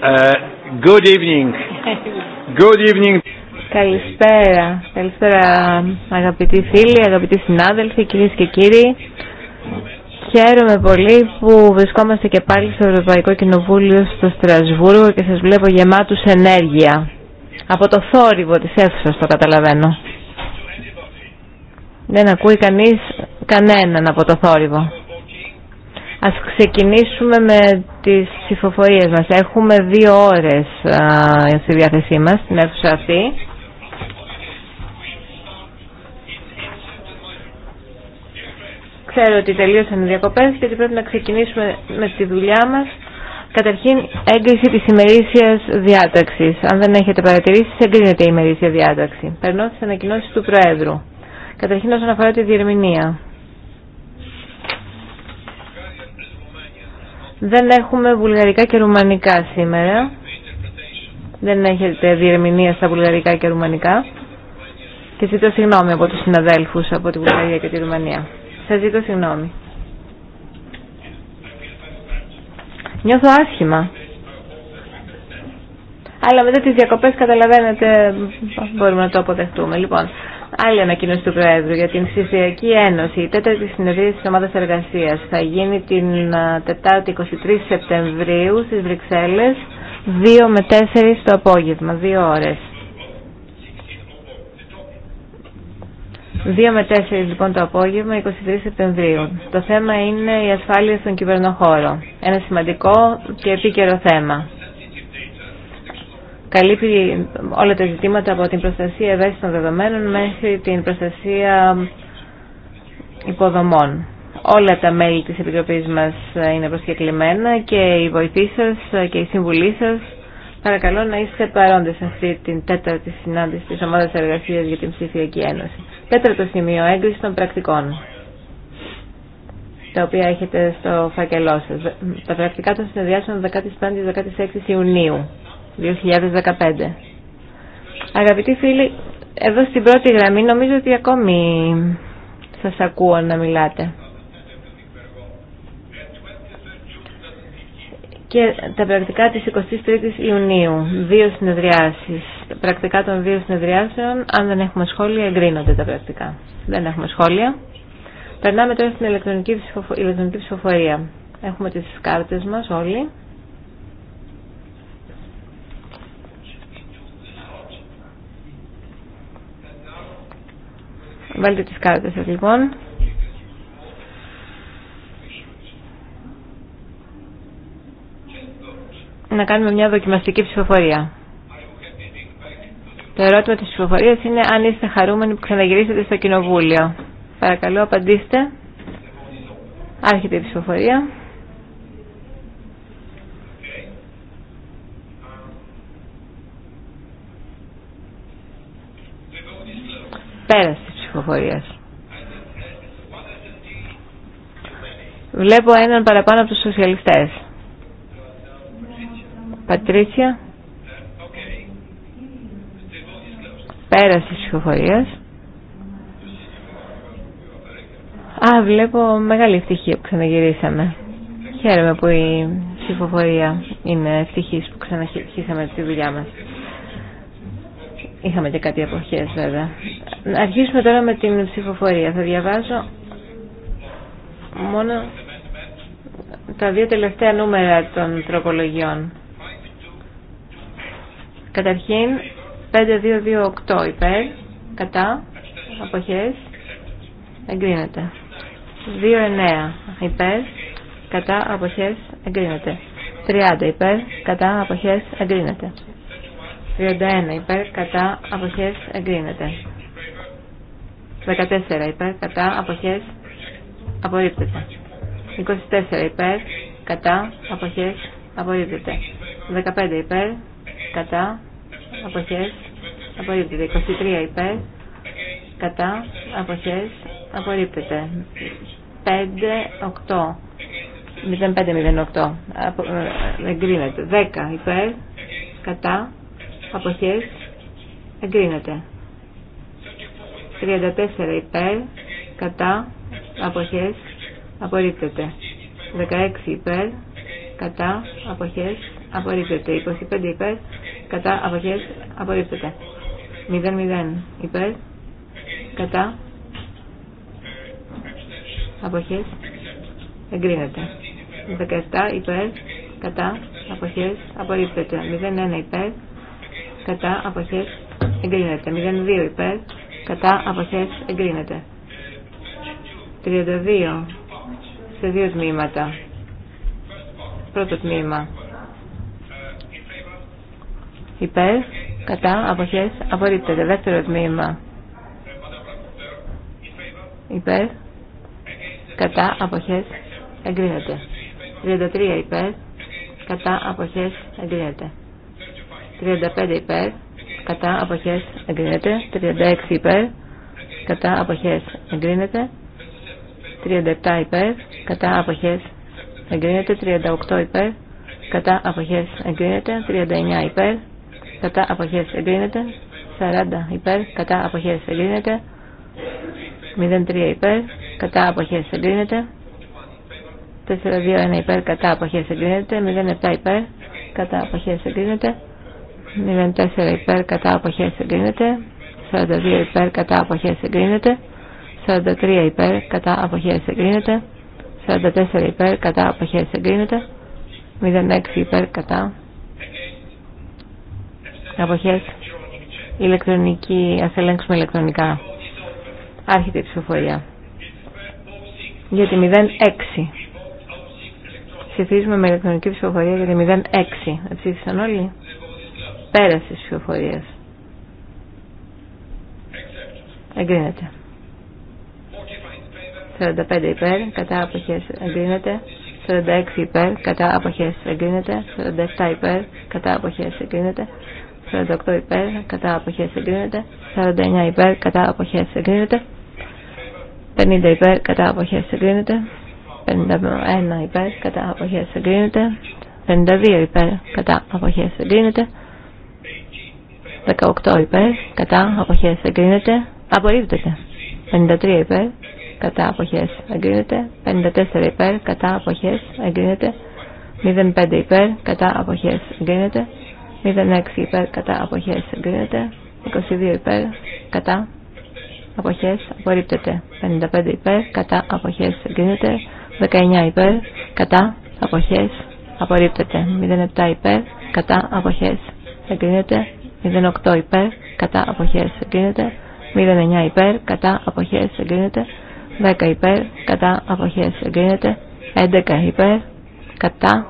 Ε, good evening. Good evening. Καλησπέρα. Καλησπέρα αγαπητοί φίλοι, αγαπητοί συνάδελφοι, κυρίες και κύριοι. Χαίρομαι πολύ που βρισκόμαστε και πάλι στο Ευρωπαϊκό Κοινοβούλιο στο Στρασβούργο και σας βλέπω γεμάτους ενέργεια. Από το θόρυβο της αίθουσας το καταλαβαίνω. Δεν ακούει κανείς κανέναν από το θόρυβο. Ας ξεκινήσουμε με τις ψηφοφορίες μας. Έχουμε δύο ώρες στη διάθεσή μας στην αίθουσα αυτή. Ξέρω ότι τελείωσαν οι διακοπές και ότι πρέπει να ξεκινήσουμε με τη δουλειά μας. Καταρχήν, έγκριση της ημερήσιας διάταξης. Αν δεν έχετε παρατηρήσει, εγκρίνεται η ημερήσια διάταξη. Περνώ στις ανακοινώσεις του Προέδρου. Καταρχήν όσον αφορά τη διερμηνία. Δεν έχουμε βουλγαρικά και ρουμανικά σήμερα. Δεν έχετε διερμηνία στα βουλγαρικά και ρουμανικά. Και ζητώ συγγνώμη από τους συναδέλφους από τη Βουλγαρία και τη Ρουμανία. Σας ζητώ συγγνώμη. Νιώθω άσχημα. Αλλά μετά τις διακοπές καταλαβαίνετε μπορούμε να το αποδεχτούμε. Λοιπόν, Άλλη ανακοίνωση του Προέδρου για την Ψηφιακή Ένωση. Η τέταρτη συνεδρία τη Ομάδα Εργασία θα γίνει την Τετάρτη 23 Σεπτεμβρίου στι Βρυξέλλε, 2 με 4 το απόγευμα, 2 ώρε. 2 με 4 λοιπόν το απόγευμα, 23 Σεπτεμβρίου. Το θέμα είναι η ασφάλεια στον κυβερνοχώρο. Ένα σημαντικό και επίκαιρο θέμα καλύπτει όλα τα ζητήματα από την προστασία ευαίσθητων δεδομένων μέχρι την προστασία υποδομών. Όλα τα μέλη της Επιτροπής μας είναι προσκεκλημένα και η βοηθή σας και η συμβουλή σας παρακαλώ να είστε παρόντες σε αυτή την τέταρτη συνάντηση της Ομάδας Εργασίας για την Ψηφιακή Ένωση. Τέταρτο σημείο, έγκριση των πρακτικών τα οποία έχετε στο φακελό σας. Τα πρακτικά των συνεδριάσεων 15-16 Ιουνίου. 2015. Αγαπητοί φίλοι, εδώ στην πρώτη γραμμή νομίζω ότι ακόμη σας ακούω να μιλάτε. Και τα πρακτικά της 23ης Ιουνίου, δύο συνεδριάσεις. πρακτικά των δύο συνεδριάσεων, αν δεν έχουμε σχόλια, εγκρίνονται τα πρακτικά. Δεν έχουμε σχόλια. Περνάμε τώρα στην ηλεκτρονική ψηφοφορία. Έχουμε τις κάρτες μας όλοι. Βάλτε τις κάρτες σας λοιπόν. Να κάνουμε μια δοκιμαστική ψηφοφορία. Το ερώτημα της ψηφοφορίας είναι αν είστε χαρούμενοι που ξαναγυρίσετε στο κοινοβούλιο. Παρακαλώ απαντήστε. Άρχεται η ψηφοφορία. Πέρασε. Βλέπω έναν παραπάνω από τους σοσιαλιστές. Πατρίτσια. Πέρασε της ψηφοφορίας. Α, βλέπω μεγάλη ευτυχία που ξαναγυρίσαμε. Χαίρομαι που η ψηφοφορία είναι ευτυχής που ξαναρχίσαμε τη δουλειά μας. Είχαμε και κάτι αποχές βέβαια. Να αρχίσουμε τώρα με την ψηφοφορία. Θα διαβάζω μόνο τα δύο τελευταία νούμερα των τροπολογιών. Καταρχήν 5228 υπέρ, κατά, αποχές, εγκρίνεται. 2-9 υπέρ, κατά, αποχές, εγκρίνεται. 30 υπέρ, κατά, αποχές, εγκρίνεται. 31 υπέρ κατά αποχές εγκρίνεται. 14 υπέρ κατά αποχές απορρίπτεται. 24 υπέρ κατά αποχές απορρίπτεται. 15 υπέρ κατά αποχές απορρίπτεται. 23 υπέρ κατά αποχές απορρίπτεται. 5 8 0508 εγκρίνεται. 10 υπέρ κατά αποχές εγκρίνεται 34 υπέρ κατά αποχές απορρίπτεται 16 υπέρ κατά αποχές απορρίπτεται 25 υπέρ κατά αποχές απορρίπτεται 00 υπέρ κατά αποχές εγκρίνεται 17 υπέρ κατά αποχές απορρίπτεται 01 υπέρ κατά αποχές εγκρίνεται. 02 υπέρ κατά αποχές εγκρίνεται. 32 σε δύο τμήματα. Πρώτο τμήμα. Υπέρ, κατά, αποχές, απορρίπτεται. Δεύτερο τμήμα. Υπέρ, κατά, αποχές, εγκρίνεται. 33 υπέρ, κατά, αποχές, εγκρίνεται. 35 υπέρ, κατά αποχές εγκρίνεται. 36 υπέρ, κατά αποχές εγκρίνεται. 37 υπέρ, κατά αποχές εγκρίνεται. 38 υπέρ, κατά αποχές εγκρίνεται. 39 υπέρ, κατά αποχές εγκρίνεται. 40 υπέρ, κατά αποχές εγκρίνεται. 03 υπέρ, κατά αποχές εγκρίνεται. 421 υπέρ, κατά αποχές εγκρίνεται. 07 υπέρ, κατά αποχές εγκρίνεται. 04 υπέρ κατά αποχές εγκρίνεται 42 υπέρ κατά αποχές εγκρίνεται 43 υπέρ κατά αποχές εγκρίνεται 44 υπέρ κατά αποχές εγκρίνεται 06 υπέρ κατά αποχές ηλεκτρονική ας ελέγξουμε ηλεκτρονικά άρχεται η ψηφοφορία για τη 06 ψηφίζουμε με ηλεκτρονική ψηφοφορία για τη 06 ψήφισαν όλοι Πέραση της ψηφοφορίας. Εγκρίνεται. 45 υπέρ, κατά αποχές εγκρίνεται. 46 υπέρ, κατά αποχές εγκρίνεται. 47 υπέρ, κατά αποχές εγκρίνεται. 48 υπέρ, κατά αποχές εγκρίνεται. 49 υπέρ, κατά αποχές εγκρίνεται. 50 υπέρ, κατά αποχές εγκρίνεται. 51 υπέρ, κατά αποχές εγκρίνεται. 52 υπέρ, κατά αποχές εγκρίνεται. 18 υπέρ, κατά, αποχές, εγκρίνεται. Απορρίπτεται. 53 υπέρ, κατά, αποχές, εγκρίνεται. 54 υπέρ, κατά, αποχές, εγκρίνεται. 05 υπέρ, κατά, αποχές, εγκρίνεται. 06 υπέρ, κατά, αποχές, εγκρίνεται. 22 υπέρ, κατά, αποχές, απορρίπτεται. 55 υπέρ, κατά, αποχές, εγκρίνεται. 19 υπέρ, κατά, αποχές, απορρίπτεται. 07 υπέρ, κατά, αποχές, εγκρίνεται. 0,8 υπέρ, κατά αποχές εγκρίνεται. 0,9 υπέρ, κατά αποχές εγκρίνεται. 10 υπέρ, κατά αποχές εγκρίνεται. 11 υπέρ, κατά.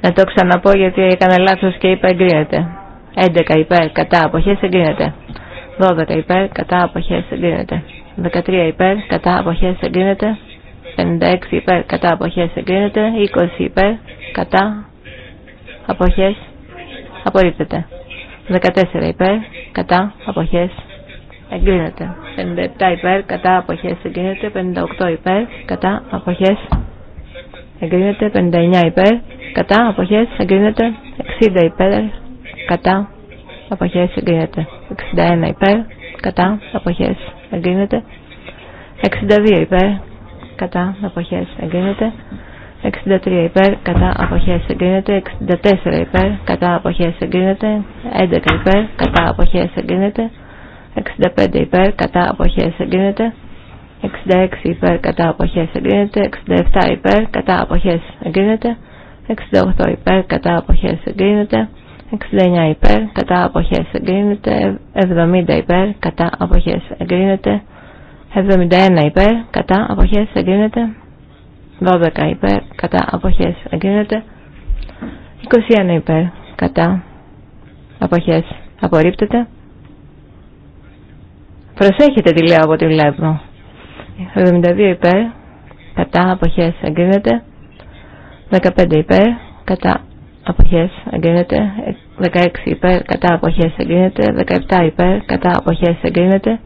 Να το ξαναπώ γιατί έκανα λάθος και είπα εγκρίνεται. 11 υπέρ, κατά αποχές εγκρίνεται. 12 υπέρ, κατά αποχές εγκρίνεται. 13 υπέρ, κατά αποχές εγκρίνεται. 56 υπέρ κατά αποχές εγκρίνεται. 20 υπέρ κατά αποχές απορρίπτεται. 14 υπέρ κατά αποχές εγκρίνεται. 57 υπέρ κατά αποχές εγκρίνεται. 58 υπέρ κατά αποχές εγκρίνεται. 59 υπέρ κατά αποχές εγκρίνεται. 60 υπέρ κατά αποχές εγκρίνεται. 61 υπέρ κατά αποχές εγκρίνεται. 62 υπέρ κατά αποχές εγκρίνεται 63 υπέρ κατά αποχές εγκρίνεται 64 υπέρ κατά αποχές εγκρίνεται 11 υπέρ κατά αποχές εγκρίνεται 65 υπέρ κατά αποχές εγκρίνεται 66 υπέρ κατά αποχές εγκρίνεται 67 υπέρ κατά αποχές εγκρίνεται 68 υπέρ κατά αποχές εγκρίνεται 69 υπέρ κατά αποχές εγκρίνεται 70 υπέρ κατά αποχές εγκρίνεται 71 υπέρ, κατά, αποχές, εγκρίνεται. 12 υπέρ, κατά, αποχές, εγκρίνεται. 21 υπέρ, κατά, αποχές, απορρίπτεται. Προσέχετε τι λέω από τη βλέπω. 72 υπέρ, κατά, αποχές, εγκρίνεται. 15 υπέρ, κατά, αποχές, εγκρίνεται. 16 υπέρ, κατά, αποχές, εγκρίνεται. 17 υπέρ, κατά, αποχές, εγκρίνεται.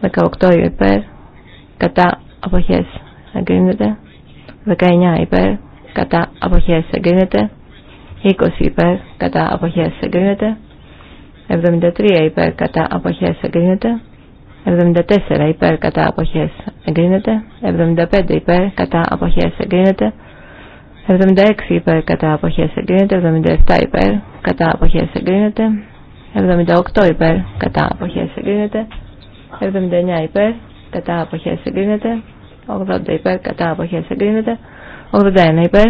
18 υπέρ, κατά αποχές εγκρίνεται. 19 υπέρ, κατά αποχές εγκρίνεται. 20 υπέρ, κατά αποχές εγκρίνεται. 73 υπέρ, κατά αποχές εγκρίνεται. 74 υπέρ, κατά αποχές εγκρίνεται. 75 υπέρ, κατά αποχές εγκρίνεται. 76 υπέρ, κατά αποχές εγκρίνεται. 77 υπέρ, κατά αποχές εγκρίνεται. 78 υπέρ, κατά αποχές εγκρίνεται. 79 υπέρ, κατά αποχές εγκρίνεται. 80 υπέρ, κατά αποχές εγκρίνεται. 81 υπέρ,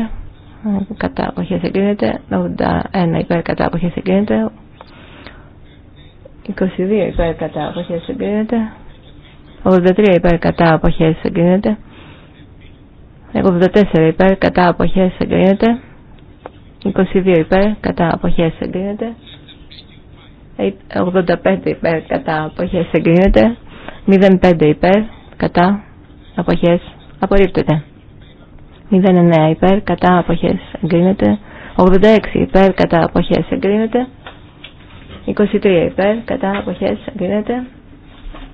κατά αποχές εγκρίνεται. 81 υπέρ, κατά αποχές εγκρίνεται. 22 υπέρ, κατά αποχές εγκρίνεται. 83 υπέρ, κατά αποχές εγκρίνεται. 84 υπέρ, κατά αποχές εγκρίνεται. 22 υπέρ, κατά αποχές εγκρίνεται. 85 υπέρ κατά αποχές εγκρίνεται 05 υπέρ κατά αποχές απορρίπτεται 09 υπέρ κατά αποχές εγκρίνεται 86 υπέρ κατά αποχές εγκρίνεται 23 υπέρ κατά αποχές εγκρίνεται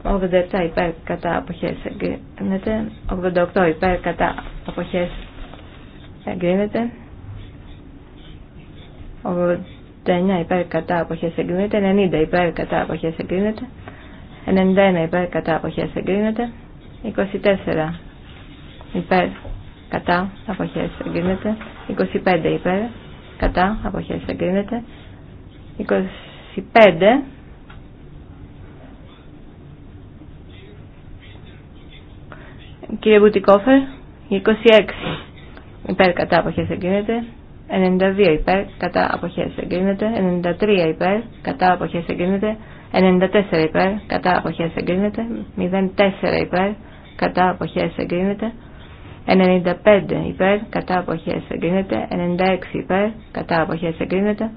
87 υπέρ κατά αποχές εγκρίνεται 88 υπέρ κατά αποχές εγκρίνεται 9 υπέρ κατά αποχές εγκρίνεται, 90 υπέρ κατά αποχές εγκρίνεται, 91 υπέρ κατά αποχές εγκρίνεται, 24 υπέρ κατά αποχές εγκρίνεται, 25 υπέρ κατά αποχές εγκρίνεται, 25 Κύριε Μπουτικόφερ, 26 υπέρ κατά αποχές εγκρίνεται, 92 υπέρ, κατά αποχές εγκρίνεται. 93 υπέρ, κατά αποχές εγκρίνεται. 94 υπέρ, κατά αποχές εγκρίνεται. 04 υπέρ, κατά αποχές εγκρίνεται. 95 υπέρ, κατά αποχές εγκρίνεται. 96 υπέρ, κατά αποχές εγκρίνεται.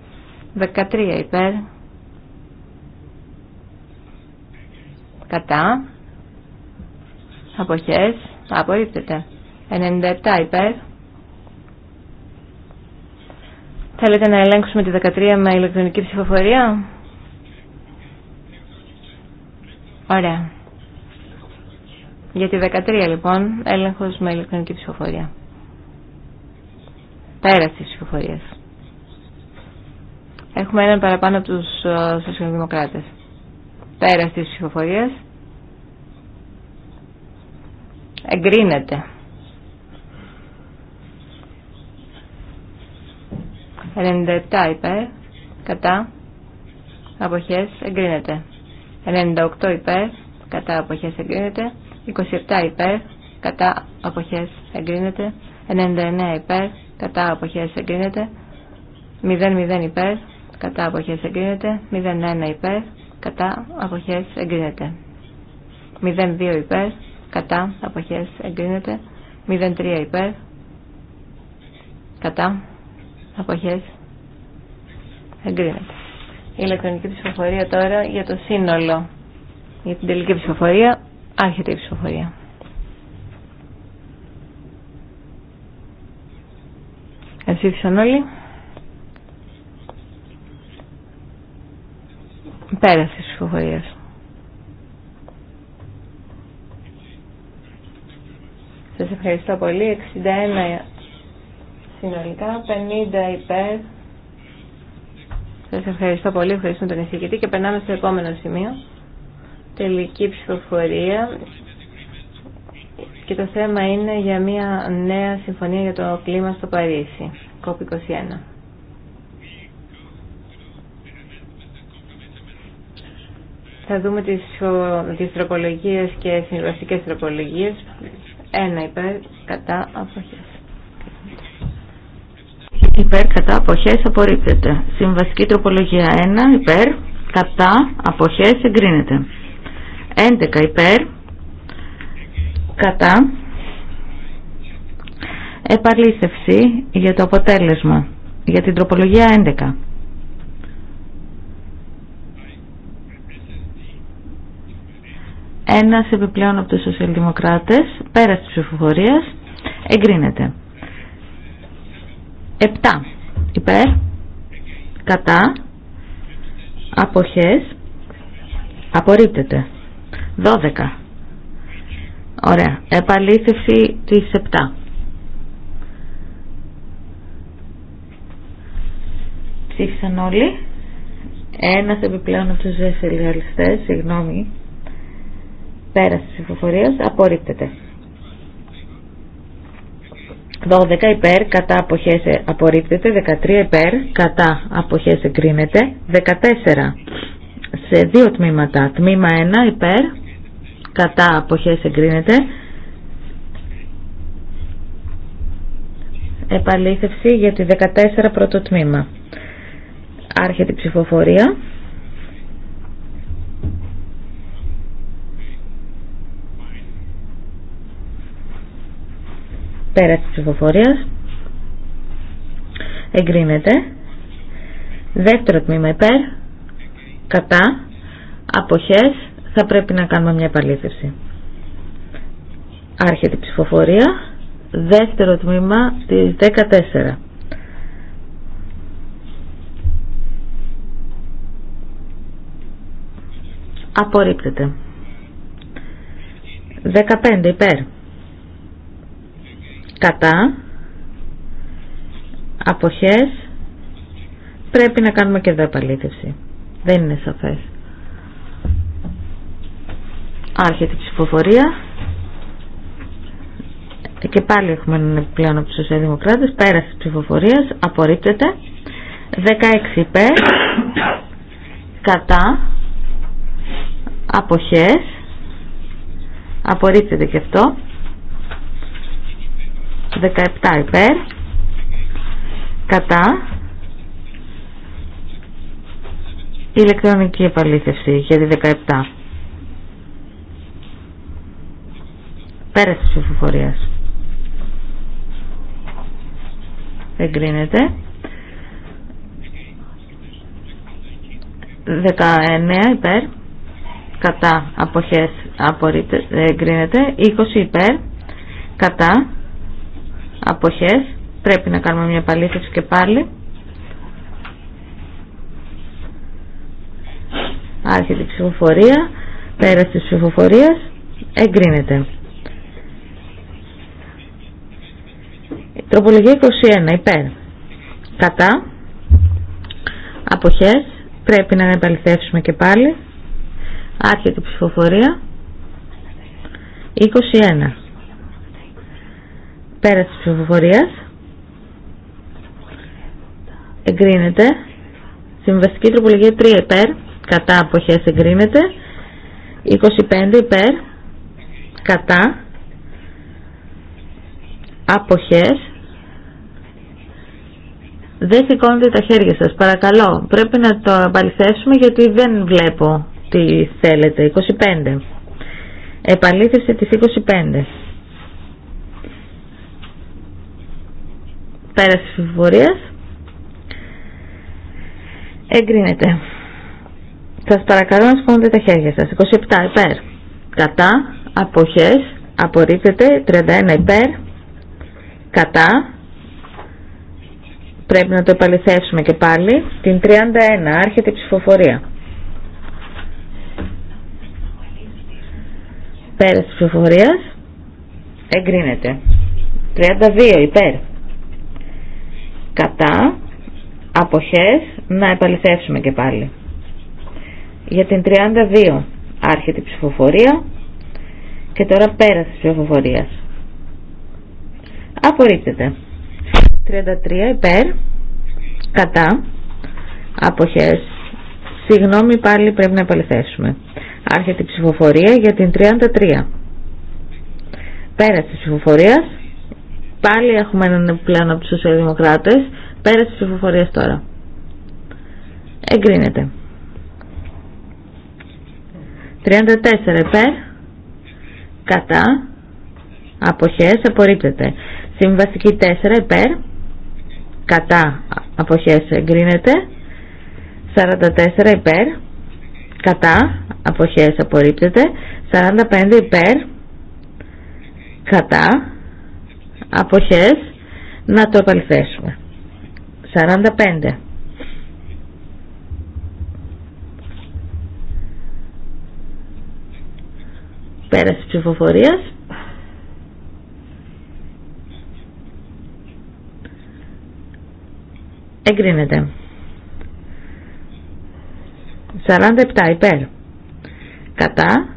13 υπέρ, κατά αποχές απορρίπτεται. 97 υπέρ, Θέλετε να ελέγξουμε τη 13 με ηλεκτρονική ψηφοφορία. Ωραία. Για τη 13 λοιπόν, έλεγχος με ηλεκτρονική ψηφοφορία. Πέρα τη ψηφοφορία. Έχουμε έναν παραπάνω από τους ε, σοσιαλδημοκράτες. Πέρα της ψηφοφορία. Εγκρίνεται. 97 υπέρ, κατά, αποχές εγκρίνεται. 98 υπέρ, κατά αποχές εγκρίνεται. 27 υπέρ, κατά αποχές εγκρίνεται. 99 υπέρ, κατά αποχές εγκρίνεται. 00 υπέρ, κατά αποχές εγκρίνεται. 01 υπέρ, κατά αποχές εγκρίνεται. 02 υπέρ, κατά αποχές εγκρίνεται. 03 υπέρ, κατά Αποχές. Εγκρίνεται. Η ηλεκτρονική ψηφοφορία τώρα για το σύνολο. Για την τελική ψηφοφορία άρχεται η ψηφοφορία. Εψήφισαν όλοι. Πέρασε τη ψηφοφορία. Σα ευχαριστώ πολύ. 61 Συνολικά 50 υπέρ. Σας ευχαριστώ πολύ, ευχαριστούμε τον εισηγητή και περνάμε στο επόμενο σημείο. Τελική ψηφοφορία. Και το θέμα είναι για μια νέα συμφωνία για το κλίμα στο Παρίσι, COP21. Θα δούμε τις, τις τροπολογίες και συμβαστικές τροπολογίες. Ένα υπέρ, κατά, αποχές υπέρ κατά αποχές απορρίπτεται. Συμβασική τροπολογία 1 υπέρ κατά αποχές εγκρίνεται. 11 υπέρ κατά επαλήθευση για το αποτέλεσμα για την τροπολογία 11. Ένας επιπλέον από τους σοσιαλδημοκράτες, πέρας της ψηφοφορίας, εγκρίνεται. 7 υπέρ κατά αποχές απορρίπτεται 12 ωραία επαλήθευση της 7 ψήφισαν όλοι Ένα επιπλέον από τους δεσσελιαλιστές, συγγνώμη πέρας τη ψηφοφορίας απορρίπτεται 12 υπέρ κατά αποχές ε, απορρίπτεται, 13 υπέρ κατά αποχές εγκρίνεται, 14 σε δύο τμήματα. Τμήμα 1 υπέρ κατά αποχές εγκρίνεται, επαλήθευση για τη 14 πρώτο τμήμα. Άρχεται η ψηφοφορία. Πέρα της ψηφοφορίας. Εγκρίνεται. Δεύτερο τμήμα υπέρ. Κατά. Αποχές. Θα πρέπει να κάνουμε μια επαλήθευση. Άρχεται η ψηφοφορία. Δεύτερο τμήμα της 14. Απορρίπτεται. 15 υπέρ κατά αποχές πρέπει να κάνουμε και εδώ επαλήθευση δεν είναι σαφές άρχεται η ψηφοφορία και πάλι έχουμε έναν επιπλέον από τους σοσιαδημοκράτες πέρας της ψηφοφορίας απορρίπτεται 16 υπέρ κατά αποχές απορρίπτεται και αυτό 17 υπέρ κατά ηλεκτρονική επαλήθευση για τη 17 πέρας της ψηφοφορίας εγκρίνεται 19 υπέρ κατά αποχές εγκρίνεται 20 υπέρ κατά αποχές πρέπει να κάνουμε μια παλήθευση και πάλι άρχεται η ψηφοφορία Πέρας της ψηφοφορίας εγκρίνεται τροπολογία 21 υπέρ κατά αποχές πρέπει να επαληθεύσουμε και πάλι άρχεται η ψηφοφορία 21 Πέρα της ψηφοφορίας. Εγκρίνεται. Συμβαστική τροπολογία 3 υπέρ. Κατά αποχές εγκρίνεται. 25 υπέρ. Κατά. Αποχές. Δεν σηκώνετε τα χέρια σας, παρακαλώ. Πρέπει να το απαληθεύσουμε γιατί δεν βλέπω τι θέλετε. 25. Επαλήθευση της 25. Πέραση της ψηφοφορίας εγκρίνεται σας παρακαλώ να σηκώνετε τα χέρια σας 27 υπέρ κατά αποχές απορρίπτεται 31 υπέρ κατά πρέπει να το επαληθεύσουμε και πάλι την 31 άρχεται η ψηφοφορία Πέραση της ψηφοφορίας εγκρίνεται 32 υπέρ κατά, αποχές, να επαληθεύσουμε και πάλι. Για την 32 άρχεται η ψηφοφορία και τώρα πέρασε της ψηφοφορίας. Απορρίπτεται. 33 υπέρ, κατά, αποχές. Συγγνώμη πάλι πρέπει να επαληθεύσουμε. Άρχεται η ψηφοφορία για την 33. Πέρασε της ψηφοφορίας Πάλι έχουμε έναν επιπλέον από τους σοσιαλδημοκράτες. Πέρα της ψηφοφορίας τώρα. Εγκρίνεται. 34 υπέρ. Κατά. Αποχές. Απορρίπτεται. Συμβαστική 4 υπέρ. Κατά. Αποχές. Εγκρίνεται. 44 υπέρ. Κατά. Αποχές. Απορρίπτεται. 45 υπέρ. Κατά αποχές να το επαληθέσουμε 45 πέραση ψηφοφορίας εγκρίνεται 47 υπέρ κατά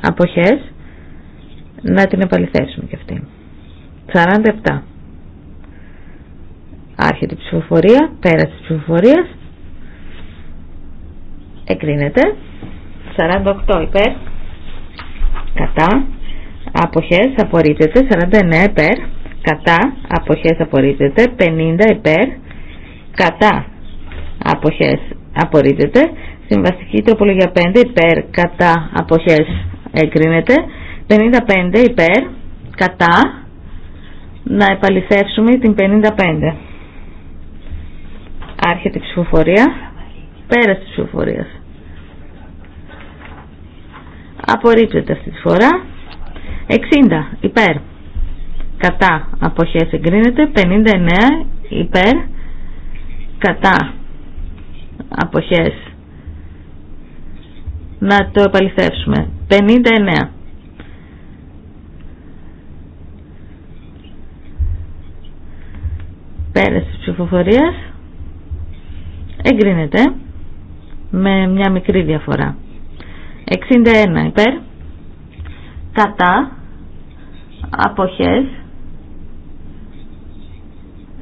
αποχές να την επαληθέσουμε και αυτή 47. Άρχεται η ψηφοφορία, πέρα της ψηφοφορίας. Εκρίνεται. 48 υπέρ. Κατά. Αποχές απορρίπτεται. 49 υπέρ. Κατά. Αποχές απορρίπτεται. 50 υπέρ. Κατά. Αποχές απορρίπτεται. Συμβαστική τροπολογία 5 υπέρ. Κατά. Αποχές έκρινεται, 55 υπέρ. Κατά να επαληθεύσουμε την 55. Άρχεται η ψηφοφορία. Πέρας τη ψηφοφορία. Απορρίπτεται αυτή τη φορά. 60 υπέρ. Κατά αποχές εγκρίνεται. 59 υπέρ. Κατά αποχές. Να το επαληθεύσουμε. 59. Πέρας της ψηφοφορίας εγκρίνεται με μια μικρή διαφορά. 61 υπέρ κατά αποχές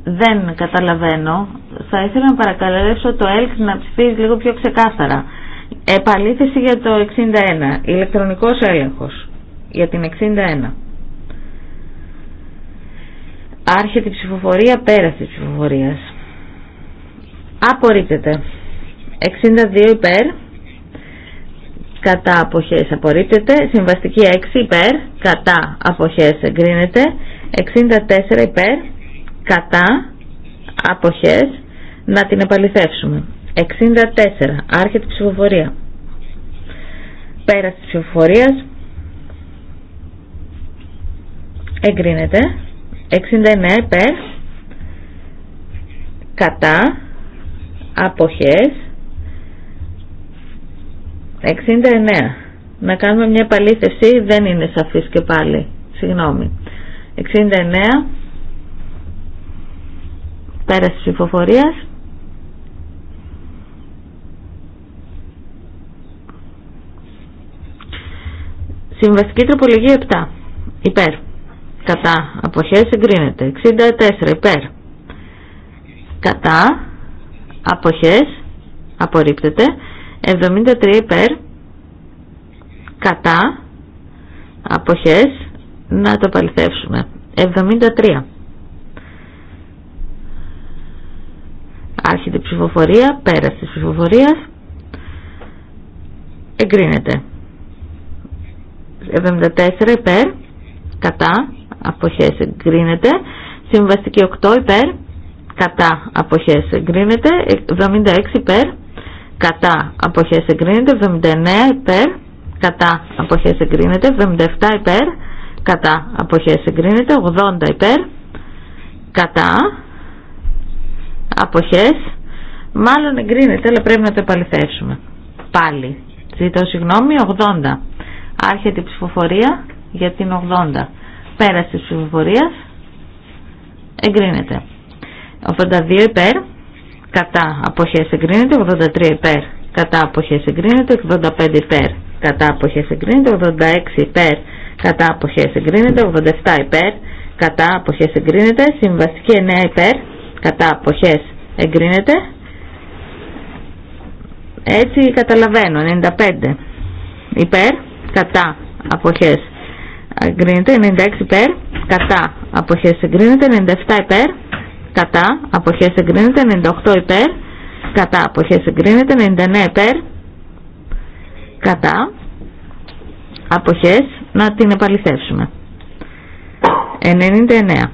δεν καταλαβαίνω. Θα ήθελα να παρακαλέσω το ΕΛΚ να ψηφίζει λίγο πιο ξεκάθαρα. Επαλήθεση για το 61. Ηλεκτρονικός έλεγχος για την 61. Άρχεται η ψηφοφορία, πέρασε η ψηφοφορία. Απορρίπτεται. 62 υπέρ. Κατά αποχές απορρίπτεται. Συμβαστική 6 υπέρ. Κατά αποχές εγκρίνεται. 64 υπέρ. Κατά αποχές. Να την επαληθεύσουμε. 64. Άρχεται η ψηφοφορία. Πέρασε η ψηφοφορία. Εγκρίνεται. 69 υπέρ κατά αποχές 69 να κάνουμε μια επαλήθευση δεν είναι σαφής και πάλι συγγνώμη 69 πέραση της ψηφοφορίας Συμβαστική τροπολογία 7 υπέρ κατά αποχές εγκρίνεται 64 υπέρ κατά αποχές απορρίπτεται 73 υπέρ κατά αποχές να το παληθεύσουμε 73 άρχεται η ψηφοφορία πέρα της ψηφοφορία εγκρίνεται 74 υπέρ κατά αποχές εγκρίνεται. Συμβαστική 8 υπέρ, κατά αποχές εγκρίνεται. 76 υπέρ, κατά αποχές εγκρίνεται. 79 υπέρ, κατά αποχές εγκρίνεται. 77 υπέρ, κατά αποχές εγκρίνεται. 80 υπέρ, κατά αποχές. Μάλλον εγκρίνεται, αλλά πρέπει να το επαληθεύσουμε. Πάλι. Ζητώ συγγνώμη, 80. Άρχεται η ψηφοφορία για την 80 πέραση τη ψηφοφορίας. Εγκρίνεται. 82 υπέρ. Κατά αποχές εγκρίνεται. 83 υπέρ. Κατά απόχε εγκρίνεται. 85 υπέρ. Κατά αποχές εγκρίνεται. 86 υπέρ. Κατά αποχές εγκρίνεται. 87 υπέρ. Κατά αποχές εγκρίνεται. Συμβαστική 9 υπέρ. Κατά αποχές εγκρίνεται. Έτσι καταλαβαίνω. 95 υπέρ. Κατά αποχές εγκρίνεται, 96 υπέρ, κατά αποχές εγκρίνεται, 97 υπέρ, κατά αποχές εγκρίνεται, 98 υπέρ, κατά αποχές εγκρίνεται, 99 υπέρ, κατά αποχές, να την επαληθεύσουμε. 99.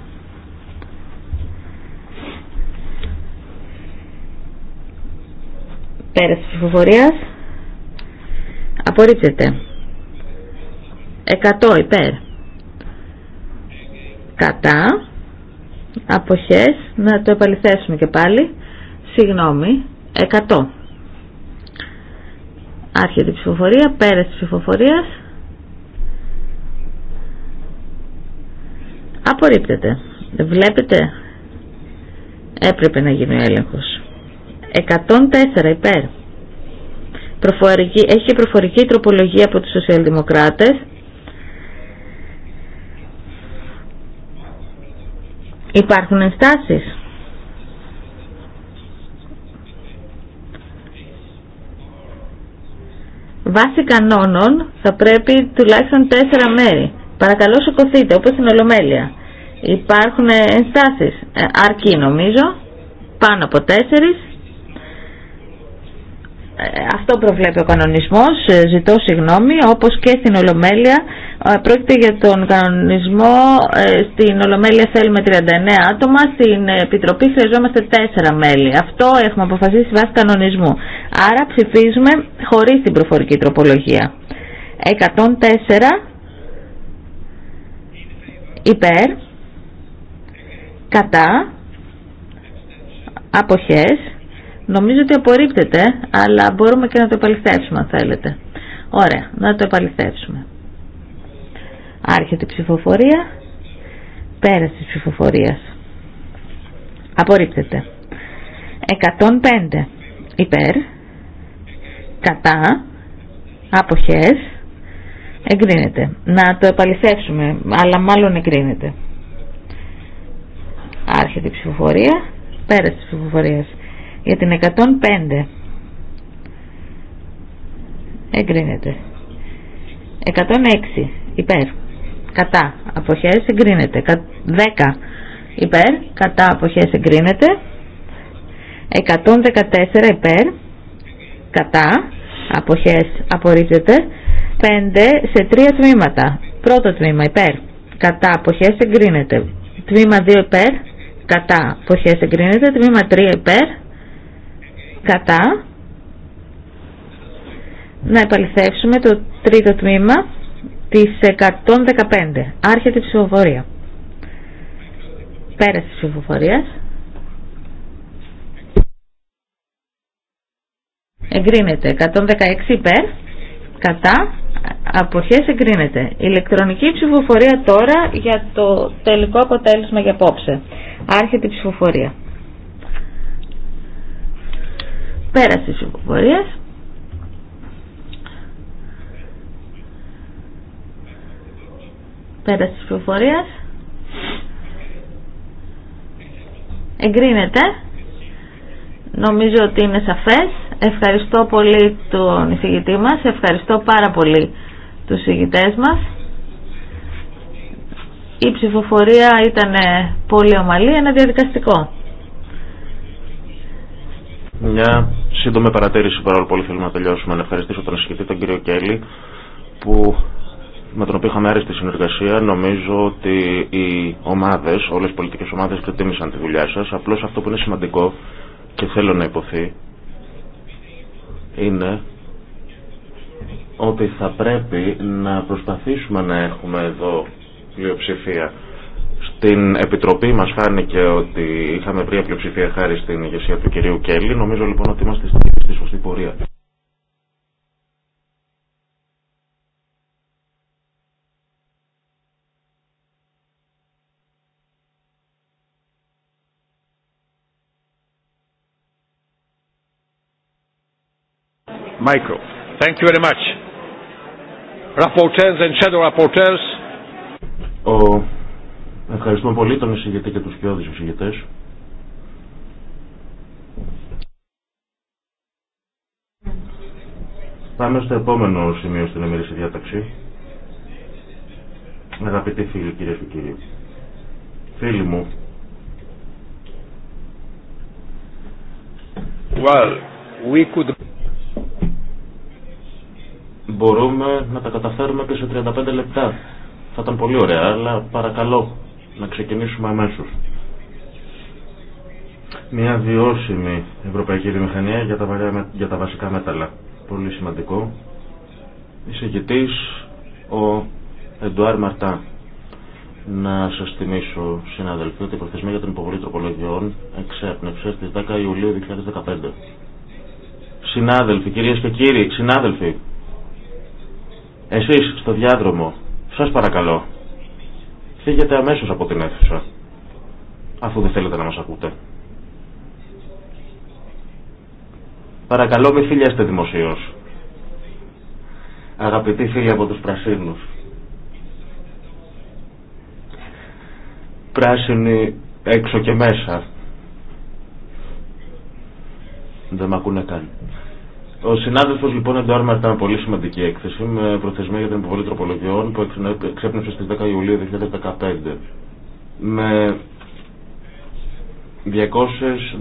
Πέρας της ψηφοφορίας απορρίπτεται. 100 υπέρ. Κατά. Αποχές. Να το επαληθέσουμε και πάλι. Συγγνώμη. 100. Άρχεται η ψηφοφορία. Πέρας της ψηφοφορίας. Απορρίπτεται. Βλέπετε. Έπρεπε να γίνει ο έλεγχος. 104 υπέρ. Προφορική, έχει προφορική τροπολογία από τους σοσιαλδημοκράτες Υπάρχουν ενστάσεις. Βάσει κανόνων θα πρέπει τουλάχιστον τέσσερα μέρη. Παρακαλώ σηκωθείτε, όπως στην Ολομέλεια. Υπάρχουν ενστάσεις, ε, αρκεί νομίζω, πάνω από τέσσερις. Ε, αυτό προβλέπει ο κανονισμός, ε, ζητώ συγγνώμη, όπως και στην Ολομέλεια. Ε, πρόκειται για τον κανονισμό, στην Ολομέλεια θέλουμε 39 άτομα, στην Επιτροπή χρειαζόμαστε 4 μέλη. Αυτό έχουμε αποφασίσει βάσει κανονισμού. Άρα ψηφίζουμε χωρίς την προφορική τροπολογία. 104 υπέρ, κατά, αποχές, Νομίζω ότι απορρίπτεται, αλλά μπορούμε και να το επαληθεύσουμε αν θέλετε. Ωραία, να το επαληθεύσουμε. Άρχεται η ψηφοφορία. Πέρασε τη ψηφοφορία. Απορρίπτεται. 105 υπέρ. Κατά. Αποχές. Εγκρίνεται. Να το επαληθεύσουμε, αλλά μάλλον εγκρίνεται. Άρχεται η ψηφοφορία. Πέρασε τη ψηφοφορία. Για την 105 εγκρίνεται. 106 υπέρ. Κατά αποχές εγκρίνεται. 10 υπέρ. Κατά αποχές εγκρίνεται. 114 υπέρ. Κατά αποχές απορρίζεται 5 σε 3 τμήματα. Πρώτο τμήμα υπέρ. Κατά αποχές εγκρίνεται. Τμήμα 2 υπέρ. Κατά αποχές εγκρίνεται. Τμήμα 3 υπέρ κατά. Να επαληθεύσουμε το τρίτο τμήμα της 115. Άρχεται η ψηφοφορία. Πέραση της ψηφοφορίας. Εγκρίνεται. 116 υπέρ. Κατά. Αποχές εγκρίνεται. Ηλεκτρονική ψηφοφορία τώρα για το τελικό αποτέλεσμα για απόψε. Άρχεται η ψηφοφορία. Πέρασε της ψηφοφορίας. Πέρασε της ψηφοφορίας. Εγκρίνεται. Νομίζω ότι είναι σαφές. Ευχαριστώ πολύ τον εισηγητή μας. Ευχαριστώ πάρα πολύ τους εισηγητές μας. Η ψηφοφορία ήταν πολύ ομαλή, ένα διαδικαστικό. Μια Σύντομη παρατήρηση παρόλο πολύ θέλουμε να τελειώσουμε. Να ευχαριστήσω τον ασχετή τον κύριο Κέλλη που με τον οποίο είχαμε άριστη συνεργασία, νομίζω ότι οι ομάδε, όλε οι πολιτικέ ομάδε προτίμησαν τη δουλειά σα. Απλώ αυτό που είναι σημαντικό και θέλω να υποθεί είναι ότι θα πρέπει να προσπαθήσουμε να έχουμε εδώ πλειοψηφία. Στην Επιτροπή μας φάνηκε ότι είχαμε βρει πλειοψηφία χάρη στην ηγεσία του κυρίου Κέλλη. Νομίζω λοιπόν ότι είμαστε στη σωστή πορεία. Μάικρο. Thank you very much. Rapporteurs and shadow rapporteurs. Oh. Ευχαριστούμε πολύ τον εισηγητή και τους πιο εισηγητές. Πάμε στο επόμενο σημείο στην εμμυρίσή διάταξη. Αγαπητοί φίλοι, κυρίες και κύριοι. Φίλοι μου. Well, we could... Μπορούμε να τα καταφέρουμε και σε 35 λεπτά. Θα ήταν πολύ ωραία, αλλά παρακαλώ να ξεκινήσουμε αμέσω. Μια βιώσιμη ευρωπαϊκή βιομηχανία για τα, για τα βασικά μέταλλα. Πολύ σημαντικό. Εισηγητή ο Εντουάρ Μαρτά. Να σα θυμίσω, συναδελφοί, ότι η προθεσμία για την υποβολή τροπολογιών εξέπνευσε στι 10 Ιουλίου 2015. Συνάδελφοι, κυρίε και κύριοι, συνάδελφοι, εσεί στο διάδρομο, σα παρακαλώ, Φύγετε αμέσω από την αίθουσα, αφού δεν θέλετε να μας ακούτε. Παρακαλώ μη φιλιάστε δημοσίως. Αγαπητοί φίλοι από τους πρασίνους. Πράσινοι έξω και μέσα. Δεν μ' ακούνε καν. Ο συνάδελφο λοιπόν εντό ήταν με πολύ σημαντική έκθεση, με προθεσμία για την υποβολή τροπολογιών που εξέπνευσε στι 10 Ιουλίου 2015. Με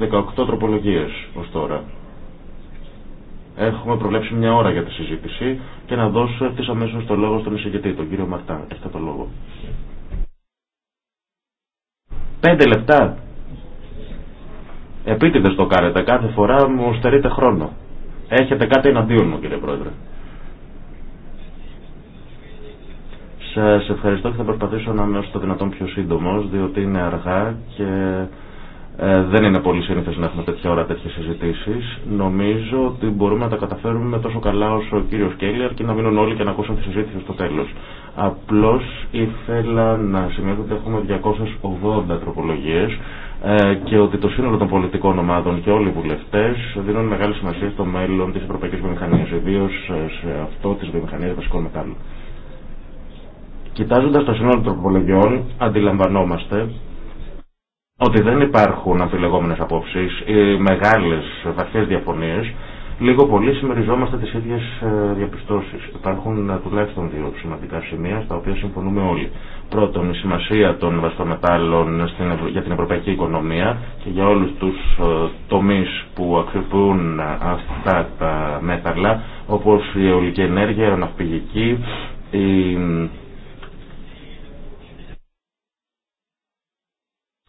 218 τροπολογίε ω τώρα. Έχουμε προβλέψει μια ώρα για τη συζήτηση και να δώσω ευθύ αμέσω το λόγο στον εισηγητή, τον κύριο Μαρτά. Έχετε το λόγο. Πέντε λεπτά. Επίτηδε το κάνετε. Κάθε φορά μου στερείτε χρόνο. Έχετε κάτι εναντίον μου κύριε Πρόεδρε. Σας ευχαριστώ και θα προσπαθήσω να είμαι όσο το δυνατόν πιο σύντομος διότι είναι αργά και ε, δεν είναι πολύ σύνηθες να έχουμε τέτοια ώρα τέτοιες συζητήσεις. Νομίζω ότι μπορούμε να τα καταφέρουμε τόσο καλά όσο ο κύριος Κέλλη αρκεί να μείνουν όλοι και να ακούσουν τη συζήτηση στο τέλος. Απλώς ήθελα να σημειώσω ότι έχουμε 280 τροπολογίες ε, και ότι το σύνολο των πολιτικών ομάδων και όλοι οι βουλευτέ δίνουν μεγάλη σημασία στο μέλλον τη ευρωπαϊκή βιομηχανία, ιδίω σε αυτό τη βιομηχανία βασικών μετάλλων. Κοιτάζοντα το σύνολο των τροπολογιών, αντιλαμβανόμαστε ότι δεν υπάρχουν αμφιλεγόμενε απόψει ή μεγάλε βαθιέ διαφωνίε Λίγο πολύ συμμεριζόμαστε τις ίδιες ε, διαπιστώσεις. Υπάρχουν ε, τουλάχιστον δύο σημαντικά σημεία στα οποία συμφωνούμε όλοι. Πρώτον, η σημασία των βαστομετάλλων για την ευρωπαϊκή οικονομία και για όλους τους ε, τομείς που αξιοποιούν αυτά τα μέταλλα, όπως η αιωλική ενέργεια, η αεροναυπηγική, η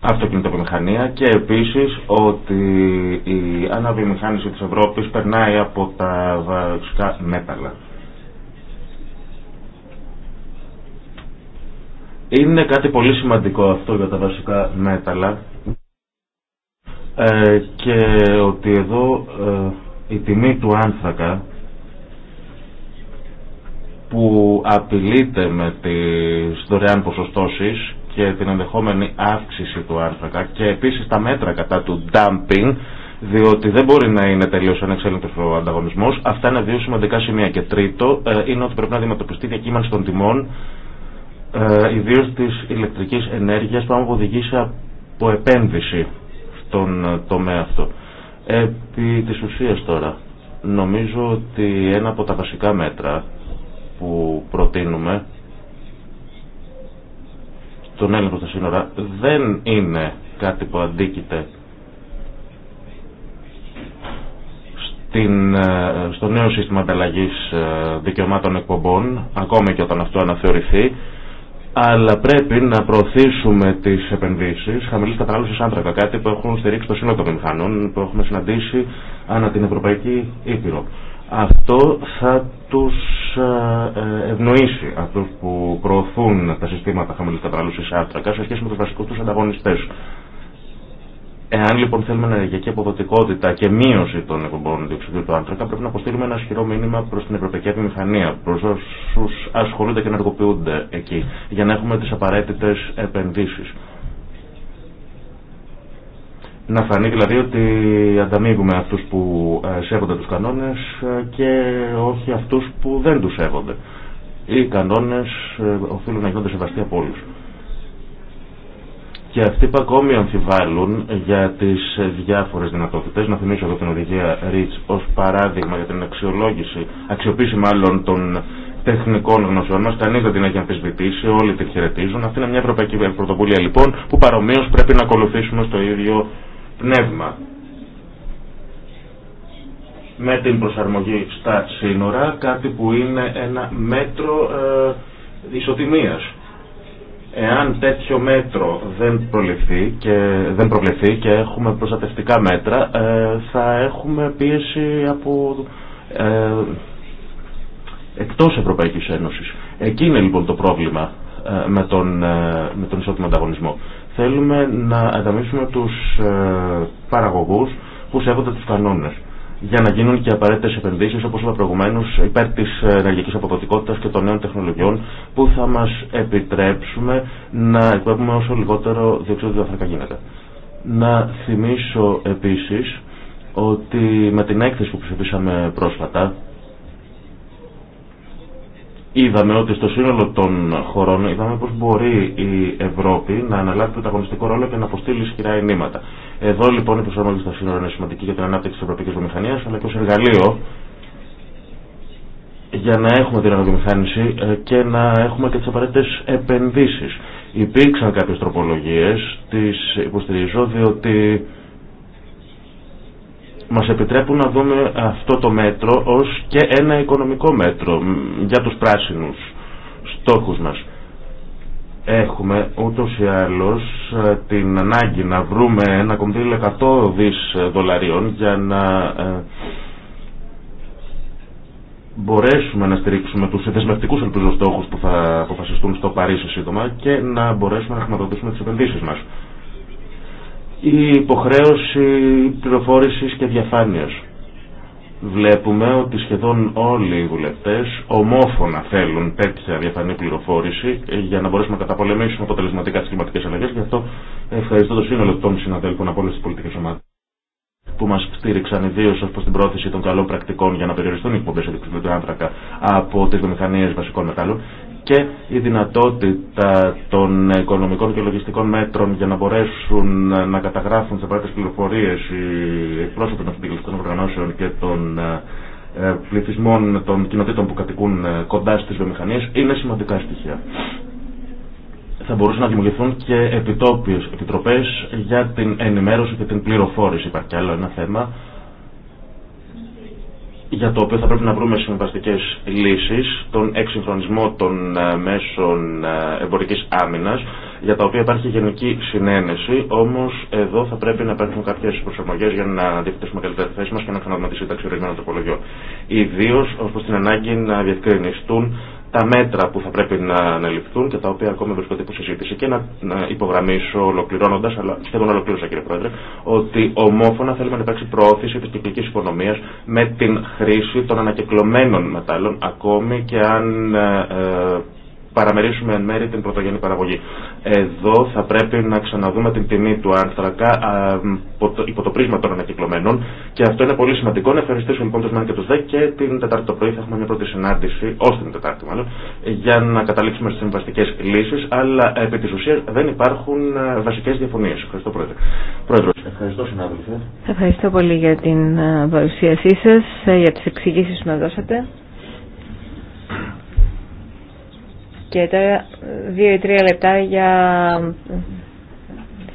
αυτοκινητοβιομηχανία και επίσης ότι η αναβιομηχάνηση της Ευρώπης περνάει από τα βασικά μέταλλα. Είναι κάτι πολύ σημαντικό αυτό για τα βασικά μέταλλα ε, και ότι εδώ ε, η τιμή του άνθρακα που απειλείται με τις δωρεάν ποσοστώσεις και την ενδεχόμενη αύξηση του άνθρακα και επίσης τα μέτρα κατά του dumping διότι δεν μπορεί να είναι τελείω ανεξέλεγκτο ο ανταγωνισμό. Αυτά είναι δύο σημαντικά σημεία. Και τρίτο ε, είναι ότι πρέπει να αντιμετωπιστεί η διακύμανση των τιμών, ε, ιδίω τη ηλεκτρική ενέργεια, που οδηγεί σε από επένδυση στον ε, τομέα αυτό. Επί τη ουσία τώρα, νομίζω ότι ένα από τα βασικά μέτρα που προτείνουμε τον έλεγχο στα σύνορα δεν είναι κάτι που αντίκειται στην, ε, στο νέο σύστημα ανταλλαγή ε, δικαιωμάτων εκπομπών, ακόμη και όταν αυτό αναθεωρηθεί, αλλά πρέπει να προωθήσουμε τι επενδύσει χαμηλή κατανάλωση άνθρακα, κάτι που έχουν στηρίξει το σύνολο των μηχανών που έχουμε συναντήσει ανά την Ευρωπαϊκή Ήπειρο. Αυτό θα τους ε, ε, ευνοήσει αυτούς που προωθούν τα συστήματα χαμηλής κατανάλωσης άνθρακα σε σχέση με τους βασικούς τους ανταγωνιστές. Εάν λοιπόν θέλουμε ενεργειακή αποδοτικότητα και μείωση των εκπομπών διοξιδίου του άνθρακα, πρέπει να αποστείλουμε ένα ισχυρό μήνυμα προ την Ευρωπαϊκή Επιμηχανία, προ όσου ασχολούνται και ενεργοποιούνται εκεί, για να έχουμε τι απαραίτητε επενδύσει. Να φανεί δηλαδή ότι ανταμείγουμε αυτούς που ε, σέβονται τους κανόνες ε, και όχι αυτούς που δεν τους σέβονται. Οι κανόνες ε, οφείλουν να γίνονται σεβαστοί από όλους. Και αυτοί που ακόμη αμφιβάλλουν για τις διάφορες δυνατότητες, να θυμίσω εδώ την οδηγία REACH ως παράδειγμα για την αξιολόγηση, αξιοποίηση μάλλον των τεχνικών γνωσιών μας, κανείς δεν την έχει αμφισβητήσει, όλοι την χαιρετίζουν. Αυτή είναι μια ευρωπαϊκή πρωτοβουλία λοιπόν που παρομοίω πρέπει να ακολουθήσουμε στο ίδιο πνεύμα με την προσαρμογή στα σύνορα, κάτι που είναι ένα μέτρο ε, Εάν τέτοιο μέτρο δεν, προληφθεί και, δεν προβλεφθεί και έχουμε προστατευτικά μέτρα, ε, θα έχουμε πίεση από ε, εκτός Ευρωπαϊκής Ένωσης. Εκεί είναι λοιπόν το πρόβλημα ε, με τον, ε, με τον ισότιμο ανταγωνισμό θέλουμε να ανταμείψουμε τους ε, παραγωγούς που σέβονται τους κανόνες για να γίνουν και απαραίτητε επενδύσει, όπω είπα προηγουμένω, υπέρ τη ενεργειακή αποδοτικότητα και των νέων τεχνολογιών, που θα μα επιτρέψουμε να εκπέμπουμε όσο λιγότερο διοξείδιο του γίνεται. Να θυμίσω επίση ότι με την έκθεση που ψηφίσαμε πρόσφατα, είδαμε ότι στο σύνολο των χωρών είδαμε πώς μπορεί η Ευρώπη να αναλάβει πρωταγωνιστικό ρόλο και να αποστείλει ισχυρά ενήματα. Εδώ λοιπόν η προσαρμογή στα σύνορα είναι σημαντική για την ανάπτυξη της ευρωπαϊκής βιομηχανίας αλλά και ως εργαλείο για να έχουμε την αναβιομηχάνηση ε, και να έχουμε και τις απαραίτητες επενδύσεις. Υπήρξαν κάποιες τροπολογίες, τις υποστηρίζω διότι μας επιτρέπουν να δούμε αυτό το μέτρο ως και ένα οικονομικό μέτρο για τους πράσινους στόχους μας. Έχουμε ούτως ή άλλως ε, την ανάγκη να βρούμε ένα κονδύλι 100 δις ε, δολαρίων για να ε, μπορέσουμε να στηρίξουμε τους δεσμευτικούς ελπίζω στόχους που θα αποφασιστούν στο Παρίσι σύντομα και να μπορέσουμε να χρηματοδοτήσουμε τις επενδύσεις μας η υποχρέωση πληροφόρησης και διαφάνειας. Βλέπουμε ότι σχεδόν όλοι οι βουλευτές ομόφωνα θέλουν τέτοια διαφανή πληροφόρηση για να μπορέσουμε να καταπολεμήσουμε αποτελεσματικά τις κλιματικές αλλαγές. Γι' αυτό ευχαριστώ το σύνολο των συναδέλφων από όλες τις πολιτικές ομάδες που μα στήριξαν ιδίω ω προ την πρόθεση των καλών πρακτικών για να περιοριστούν οι εκπομπέ του άνθρακα από τι βιομηχανίε βασικών μετάλλων και η δυνατότητα των οικονομικών και λογιστικών μέτρων για να μπορέσουν να καταγράφουν σε πρώτες πληροφορίες οι εκπρόσωποι των συντηρητικών οργανώσεων και των ε, πληθυσμών των κοινοτήτων που κατοικούν ε, κοντά στις βιομηχανίες είναι σημαντικά στοιχεία. Θα μπορούσαν να δημιουργηθούν και επιτόπιες επιτροπές για την ενημέρωση και την πληροφόρηση. Υπάρχει άλλο ένα θέμα για το οποίο θα πρέπει να βρούμε συμβαστικέ λύσει, τον εξυγχρονισμό των ε, μέσων ε, εμπορική άμυνα, για τα οποία υπάρχει γενική συνένεση, όμω εδώ θα πρέπει να υπάρχουν κάποιες προσαρμογέ για να διευθυνθούμε καλύτερα τη θέση μα και να κάνουμε τα σύνταξη ορισμένων τροπολογιών. Ιδίω ω προ την ανάγκη να διευκρινιστούν τα μέτρα που θα πρέπει να αναλυφθούν και τα οποία ακόμη βρίσκονται υπό συζήτηση. Και να, υπογραμμίσω ολοκληρώνοντα, αλλά σχεδόν ολοκλήρωσα κύριε Πρόεδρε, ότι ομόφωνα θέλουμε να υπάρξει προώθηση τη κυκλική οικονομία με την χρήση των ανακεκλωμένων μετάλλων, ακόμη και αν ε, ε, παραμερίσουμε εν μέρη την πρωτογενή παραγωγή. Εδώ θα πρέπει να ξαναδούμε την τιμή του άνθρακα υπό το πρίσμα των ανακυκλωμένων και αυτό είναι πολύ σημαντικό. Να ευχαριστήσουμε λοιπόν του ΜΑΝ και του ΔΕ και την Τετάρτη το πρωί θα έχουμε μια πρώτη συνάντηση, ω την Τετάρτη μάλλον, για να καταλήξουμε στις συμβαστικέ λύσει. αλλά επί τη ουσία δεν υπάρχουν ε, βασικέ διαφωνίε. Ευχαριστώ Πρόεδρε. Πρόεδρο, ευχαριστώ συνάδελφε. Ευχαριστώ πολύ για την ε, παρουσίασή σα ε, για τι εξηγήσει που να δώσατε. Και τώρα δύο ή τρία λεπτά για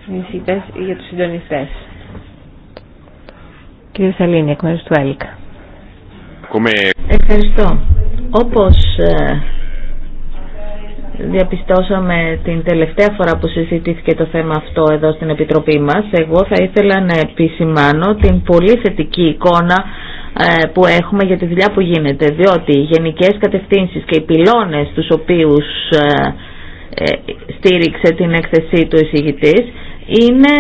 τους ή για τους συντονιστές. Κύριε Σαλήνη, εκ μέρους του ΕΛΚ. Ευχαριστώ. Όπως ε, διαπιστώσαμε την τελευταία φορά που συζητήθηκε το θέμα αυτό εδώ στην Επιτροπή μας. Εγώ θα ήθελα να επισημάνω την πολύ θετική εικόνα ε, που έχουμε για τη δουλειά που γίνεται, διότι οι γενικές κατευθύνσεις και οι πυλώνες τους οποίους ε, ε, στήριξε την έκθεσή του εισηγητής είναι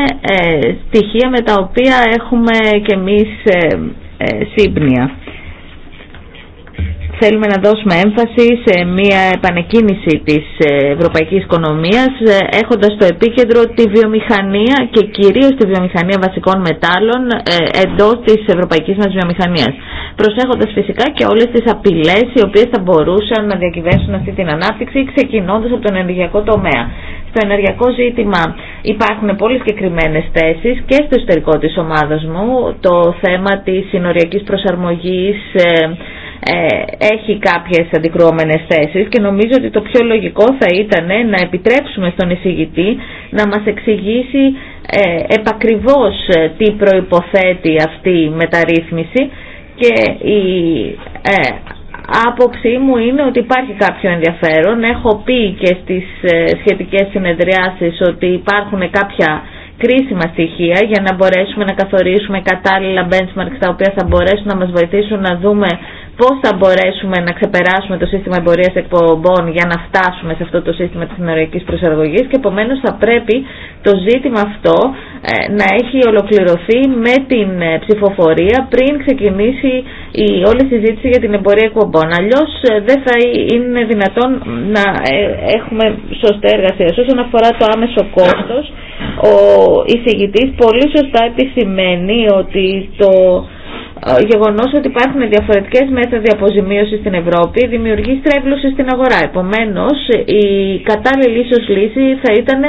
στοιχεία με τα οποία έχουμε και εμείς σύμπνια Θέλουμε να δώσουμε έμφαση σε μια επανεκκίνηση της ε, ευρωπαϊκής οικονομίας ε, έχοντας στο επίκεντρο τη βιομηχανία και κυρίως τη βιομηχανία βασικών μετάλλων ε, εντός της ευρωπαϊκής μας βιομηχανίας. Προσέχοντας φυσικά και όλες τις απειλές οι οποίες θα μπορούσαν να διακυβέσουν αυτή την ανάπτυξη ξεκινώντας από τον ενεργειακό τομέα. Στο ενεργειακό ζήτημα υπάρχουν πολύ συγκεκριμένε θέσει και στο εσωτερικό της ομάδας μου το θέμα της συνοριακής προσαρμογής ε, έχει κάποιες αντικρουόμενες θέσεις και νομίζω ότι το πιο λογικό θα ήταν να επιτρέψουμε στον εισηγητή να μας εξηγήσει ε, επακριβώς ε, τι προϋποθέτει αυτή η μεταρρύθμιση και η άποψή μου είναι ότι υπάρχει κάποιο ενδιαφέρον. Έχω πει και στις σχετικές συνεδριάσεις ότι υπάρχουν κάποια κρίσιμα στοιχεία για να μπορέσουμε να καθορίσουμε κατάλληλα benchmarks τα οποία θα μπορέσουν να μας βοηθήσουν να δούμε πώς θα μπορέσουμε να ξεπεράσουμε το σύστημα εμπορίας εκπομπών για να φτάσουμε σε αυτό το σύστημα της ενεργειακή προσαρμογής και επομένως θα πρέπει το ζήτημα αυτό ε, να έχει ολοκληρωθεί με την ε, ψηφοφορία πριν ξεκινήσει η όλη συζήτηση για την εμπορία εκπομπών. Αλλιώς ε, δεν θα είναι δυνατόν να έχουμε σωστή εργασία. Όσον αφορά το άμεσο κόστος, ο εισηγητής πολύ σωστά επισημαίνει ότι το ε, γεγονός ότι υπάρχουν διαφορετικές μέθοδοι αποζημίωσης στην Ευρώπη δημιουργεί στρέβλωση στην αγορά. Επομένως, η κατάλληλη ίσως λύση θα ήταν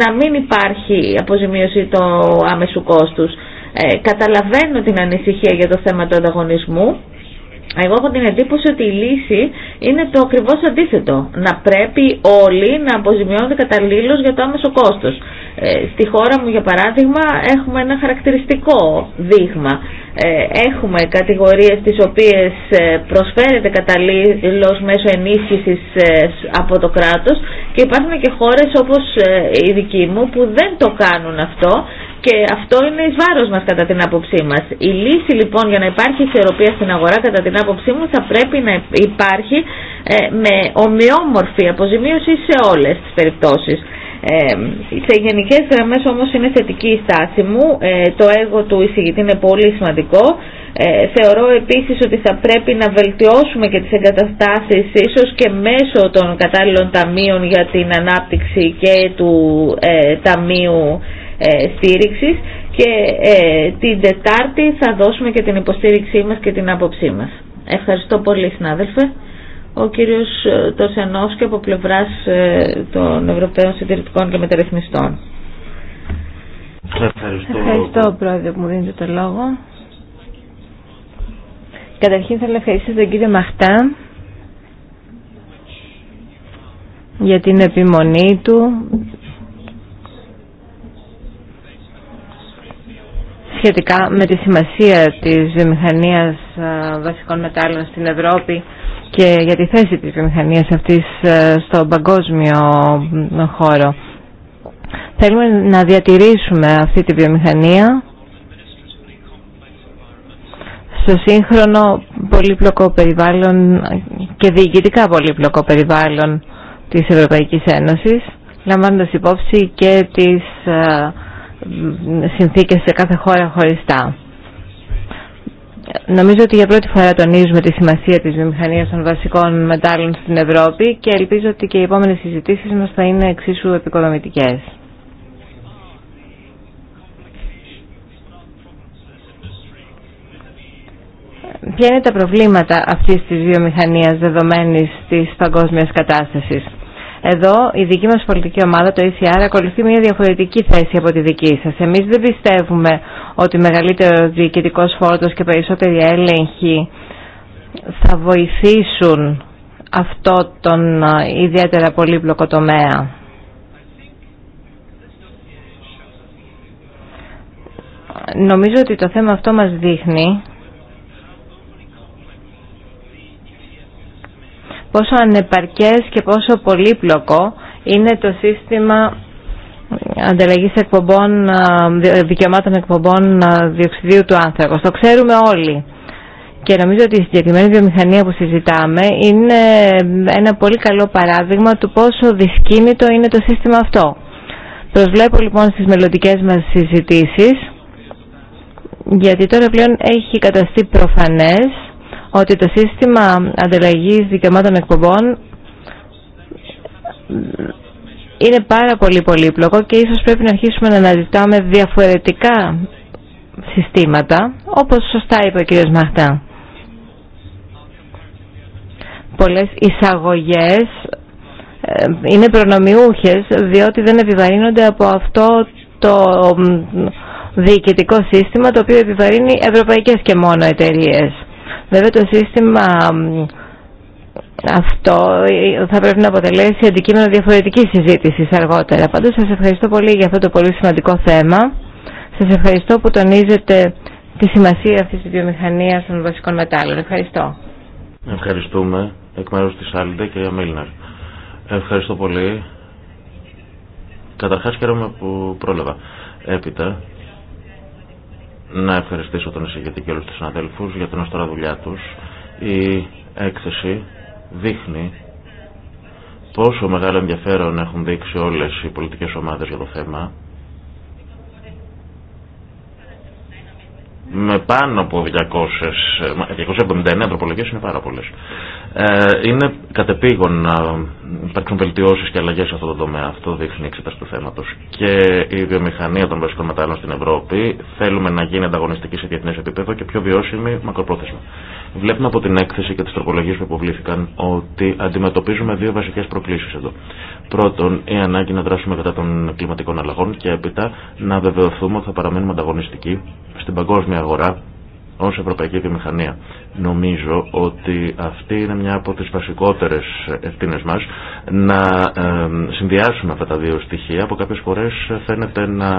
να μην υπάρχει αποζημίωση του άμεσου κόστους. Ε, καταλαβαίνω την ανησυχία για το θέμα του ανταγωνισμού εγώ έχω την εντύπωση ότι η λύση είναι το ακριβώ αντίθετο. Να πρέπει όλοι να αποζημιώνονται καταλήλω για το άμεσο κόστο. Ε, στη χώρα μου, για παράδειγμα, έχουμε ένα χαρακτηριστικό δείγμα. Ε, έχουμε κατηγορίε τι οποίες ε, προσφέρεται καταλήλω μέσω ενίσχυση ε, από το κράτο και υπάρχουν και χώρες όπως η δική μου που δεν το κάνουν αυτό και αυτό είναι εις βάρος μας κατά την άποψή μας. Η λύση λοιπόν για να υπάρχει ισορροπία στην αγορά κατά την άποψή μου θα πρέπει να υπάρχει ε, με ομοιόμορφη αποζημίωση σε όλες τις περιπτώσεις σε γενικές γραμμές όμως είναι θετική η στάση μου. Ε, το έργο του εισηγητή είναι πολύ σημαντικό. Ε, θεωρώ επίσης ότι θα πρέπει να βελτιώσουμε και τις εγκαταστάσεις ίσως και μέσω των κατάλληλων ταμείων για την ανάπτυξη και του ε, ταμείου στήριξης και την Τετάρτη θα δώσουμε και την υποστήριξή μας και την άποψή μας. Ευχαριστώ πολύ συνάδελφε ο κύριος ε, και από πλευράς ε, των Ευρωπαίων Συντηρητικών και Μεταρρυθμιστών. Ευχαριστώ. Ευχαριστώ πρόεδρε που μου δίνετε το λόγο. Καταρχήν θέλω να ευχαριστήσω τον κύριο Μαχτά για την επιμονή του σχετικά με τη σημασία της βιομηχανίας ε, βασικών μετάλλων στην Ευρώπη και για τη θέση της βιομηχανίας αυτής ε, στον παγκόσμιο χώρο. Θέλουμε να διατηρήσουμε αυτή τη βιομηχανία στο σύγχρονο πολύπλοκο περιβάλλον και διοικητικά πολύπλοκο περιβάλλον της Ευρωπαϊκής Ένωσης λαμβάνοντας υπόψη και τις ε, συνθήκες σε κάθε χώρα χωριστά. Νομίζω ότι για πρώτη φορά τονίζουμε τη σημασία της βιομηχανίας των βασικών μετάλλων στην Ευρώπη και ελπίζω ότι και οι επόμενες συζητήσεις μας θα είναι εξίσου επικοδομητικές. Ποια είναι τα προβλήματα αυτής της βιομηχανίας δεδομένης της παγκόσμιας κατάστασης. Εδώ η δική μας πολιτική ομάδα, το ECR, ακολουθεί μια διαφορετική θέση από τη δική σας. Εμείς δεν πιστεύουμε ότι μεγαλύτερο διοικητικό φόρτος και περισσότερη έλεγχη θα βοηθήσουν αυτό τον ιδιαίτερα πολύπλοκο τομέα. Νομίζω ότι το θέμα αυτό μας δείχνει πόσο ανεπαρκές και πόσο πολύπλοκο είναι το σύστημα ε, ανταλλαγής εκπομπών, ε, δικαιωμάτων εκπομπών ε, διοξιδίου του άνθρακος. Το ξέρουμε όλοι. Και νομίζω ότι η συγκεκριμένη βιομηχανία που συζητάμε είναι ένα πολύ καλό παράδειγμα του πόσο δυσκίνητο είναι το σύστημα αυτό. Προσβλέπω λοιπόν στις μελλοντικέ μας συζητήσεις, γιατί τώρα πλέον έχει καταστεί προφανές ότι το σύστημα ανταλλαγής δικαιωμάτων εκπομπών είναι πάρα πολύ πολύπλοκο και ίσως πρέπει να αρχίσουμε να αναζητάμε διαφορετικά συστήματα, όπως σωστά είπε ο κ. Μαχτά. Πολλές εισαγωγές ε, είναι προνομιούχες διότι δεν επιβαρύνονται από αυτό το διοικητικό σύστημα το οποίο επιβαρύνει ευρωπαϊκές και μόνο εταιρείες. Βέβαια το σύστημα αυτό ε, ε, θα πρέπει να αποτελέσει αντικείμενο διαφορετικής συζήτηση αργότερα. Πάντως σας ευχαριστώ πολύ για αυτό το πολύ σημαντικό θέμα. Σας ευχαριστώ που τονίζετε τη σημασία αυτής της βιομηχανίας των βασικών μετάλλων. Ευχαριστώ. Ευχαριστούμε εκ μέρους της Άλντε και για Μίλναρ. Ευχαριστώ πολύ. Καταρχάς χαίρομαι που πρόλαβα. Έπειτα να ευχαριστήσω τον εισηγητή και όλους τους συναδέλφους για την ωστόρα δουλειά τους. Η έκθεση δείχνει πόσο μεγάλο ενδιαφέρον έχουν δείξει όλες οι πολιτικές ομάδες για το θέμα. Με πάνω από 200, 279 ανθρωπολογίες είναι πάρα πολλές. Ε, είναι κατεπήγον να υπάρξουν βελτιώσει και αλλαγέ σε αυτό το τομέα. Αυτό δείχνει η εξέταση του θέματο. Και η βιομηχανία των βασικών μετάλλων στην Ευρώπη θέλουμε να γίνει ανταγωνιστική σε διεθνέ επίπεδο και πιο βιώσιμη μακροπρόθεσμα. Βλέπουμε από την έκθεση και τι τροπολογίε που υποβλήθηκαν ότι αντιμετωπίζουμε δύο βασικέ προκλήσει εδώ. Πρώτον, η ανάγκη να δράσουμε κατά των κλιματικών αλλαγών και έπειτα να βεβαιωθούμε ότι θα παραμείνουμε ανταγωνιστικοί στην παγκόσμια αγορά ως Ευρωπαϊκή Βιομηχανία. Νομίζω ότι αυτή είναι μια από τις βασικότερες ευθύνες μας να ε, συνδυάσουμε αυτά τα δύο στοιχεία που κάποιες φορές φαίνεται να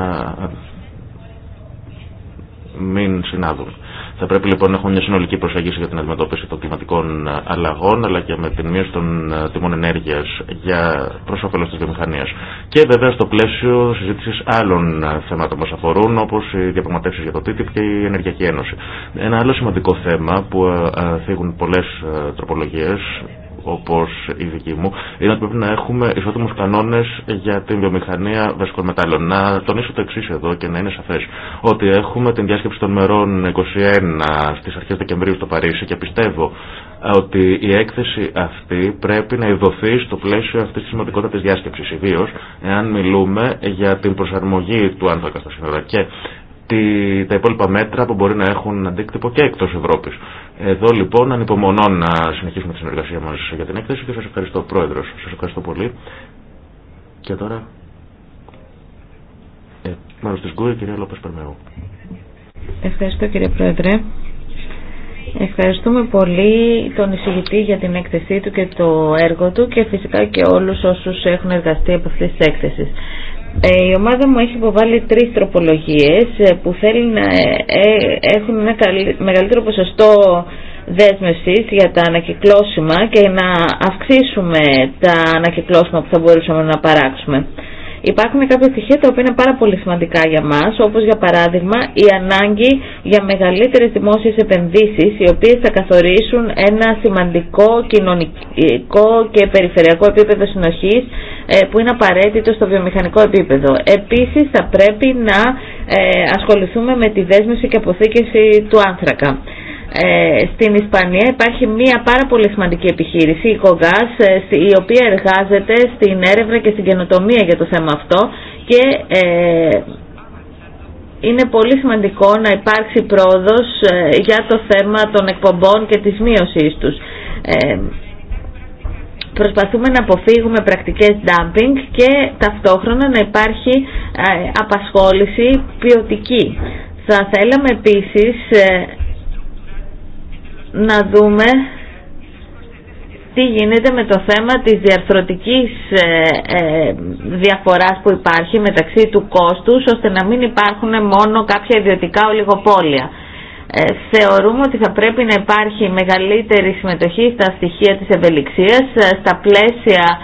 μην συνάδουν. Θα πρέπει λοιπόν να έχουμε μια συνολική προσέγγιση για την αντιμετώπιση των κλιματικών αλλαγών αλλά και με την μείωση των ε, τιμών ενέργεια για προ τη βιομηχανία. Και βέβαια στο πλαίσιο συζήτηση άλλων ε, θεμάτων που μα αφορούν όπω οι διαπραγματεύσει για το TTIP και η Ενεργειακή Ένωση. Ένα άλλο σημαντικό θέμα που ε, θίγουν πολλέ τροπολογίε όπως η δική μου, είναι ότι πρέπει να έχουμε ισότιμού κανόνες για την βιομηχανία βασικών μετάλλων. Να τονίσω το εξή εδώ και να είναι σαφές, ότι έχουμε την διάσκεψη των μερών 21 στις αρχές Δεκεμβρίου στο Παρίσι και πιστεύω ότι η έκθεση αυτή πρέπει να ειδωθεί στο πλαίσιο αυτής της σημαντικότητα τη διάσκεψης, ιδίω εάν μιλούμε για την προσαρμογή του άνθρακα στα σύνορα και τα υπόλοιπα μέτρα που μπορεί να έχουν αντίκτυπο και εκτό Ευρώπη. Εδώ λοιπόν ανυπομονώ να συνεχίσουμε τη συνεργασία μα για την έκθεση και σα ευχαριστώ πρόεδρο. Σα ευχαριστώ πολύ. Και τώρα, ε, μάλλον της Γκούρη, κυρία Λόπε Περμερού. Ευχαριστώ κύριε Πρόεδρε. Ευχαριστούμε πολύ τον εισηγητή για την έκθεσή του και το έργο του και φυσικά και όλους όσους έχουν εργαστεί από αυτής της έκθεση. Ε, η ομάδα μου έχει υποβάλει τρεις τροπολογίες ε, που θέλει να ε, έχουν ένα μεγαλύτερο ποσοστό δέσμευσης για τα ανακυκλώσιμα και να αυξήσουμε τα ανακυκλώσιμα που θα μπορούσαμε να παράξουμε. Υπάρχουν κάποια στοιχεία τα οποία είναι πάρα πολύ σημαντικά για μας, όπως για παράδειγμα η ανάγκη για μεγαλύτερε δημόσιες επενδύσεις, οι οποίες θα καθορίσουν ένα σημαντικό κοινωνικό και περιφερειακό επίπεδο συνοχή ε, που είναι απαραίτητο στο βιομηχανικό επίπεδο. Επίση, θα πρέπει να ε, ασχοληθούμε με τη δέσμευση και αποθήκευση του άνθρακα. Ε, στην Ισπανία υπάρχει μια πάρα πολύ σημαντική επιχείρηση, η Κογκάς, ε, η οποία εργάζεται στην έρευνα και στην καινοτομία για το θέμα αυτό και ε, είναι πολύ σημαντικό να υπάρξει πρόοδος για το θέμα των εκπομπών και της μείωσης τους. Ε, προσπαθούμε να αποφύγουμε πρακτικές dumping και ταυτόχρονα να υπάρχει απασχόληση ποιοτική. Θα θέλαμε επίσης να δούμε τι γίνεται με το θέμα της διαρθρωτικής ε, ε, διαφοράς που υπάρχει μεταξύ του κόστους ώστε να μην υπάρχουν μόνο κάποια ιδιωτικά ολιγοπόλια. Ε, θεωρούμε ότι θα πρέπει να υπάρχει μεγαλύτερη συμμετοχή στα στοιχεία της ευελιξίας στα πλαίσια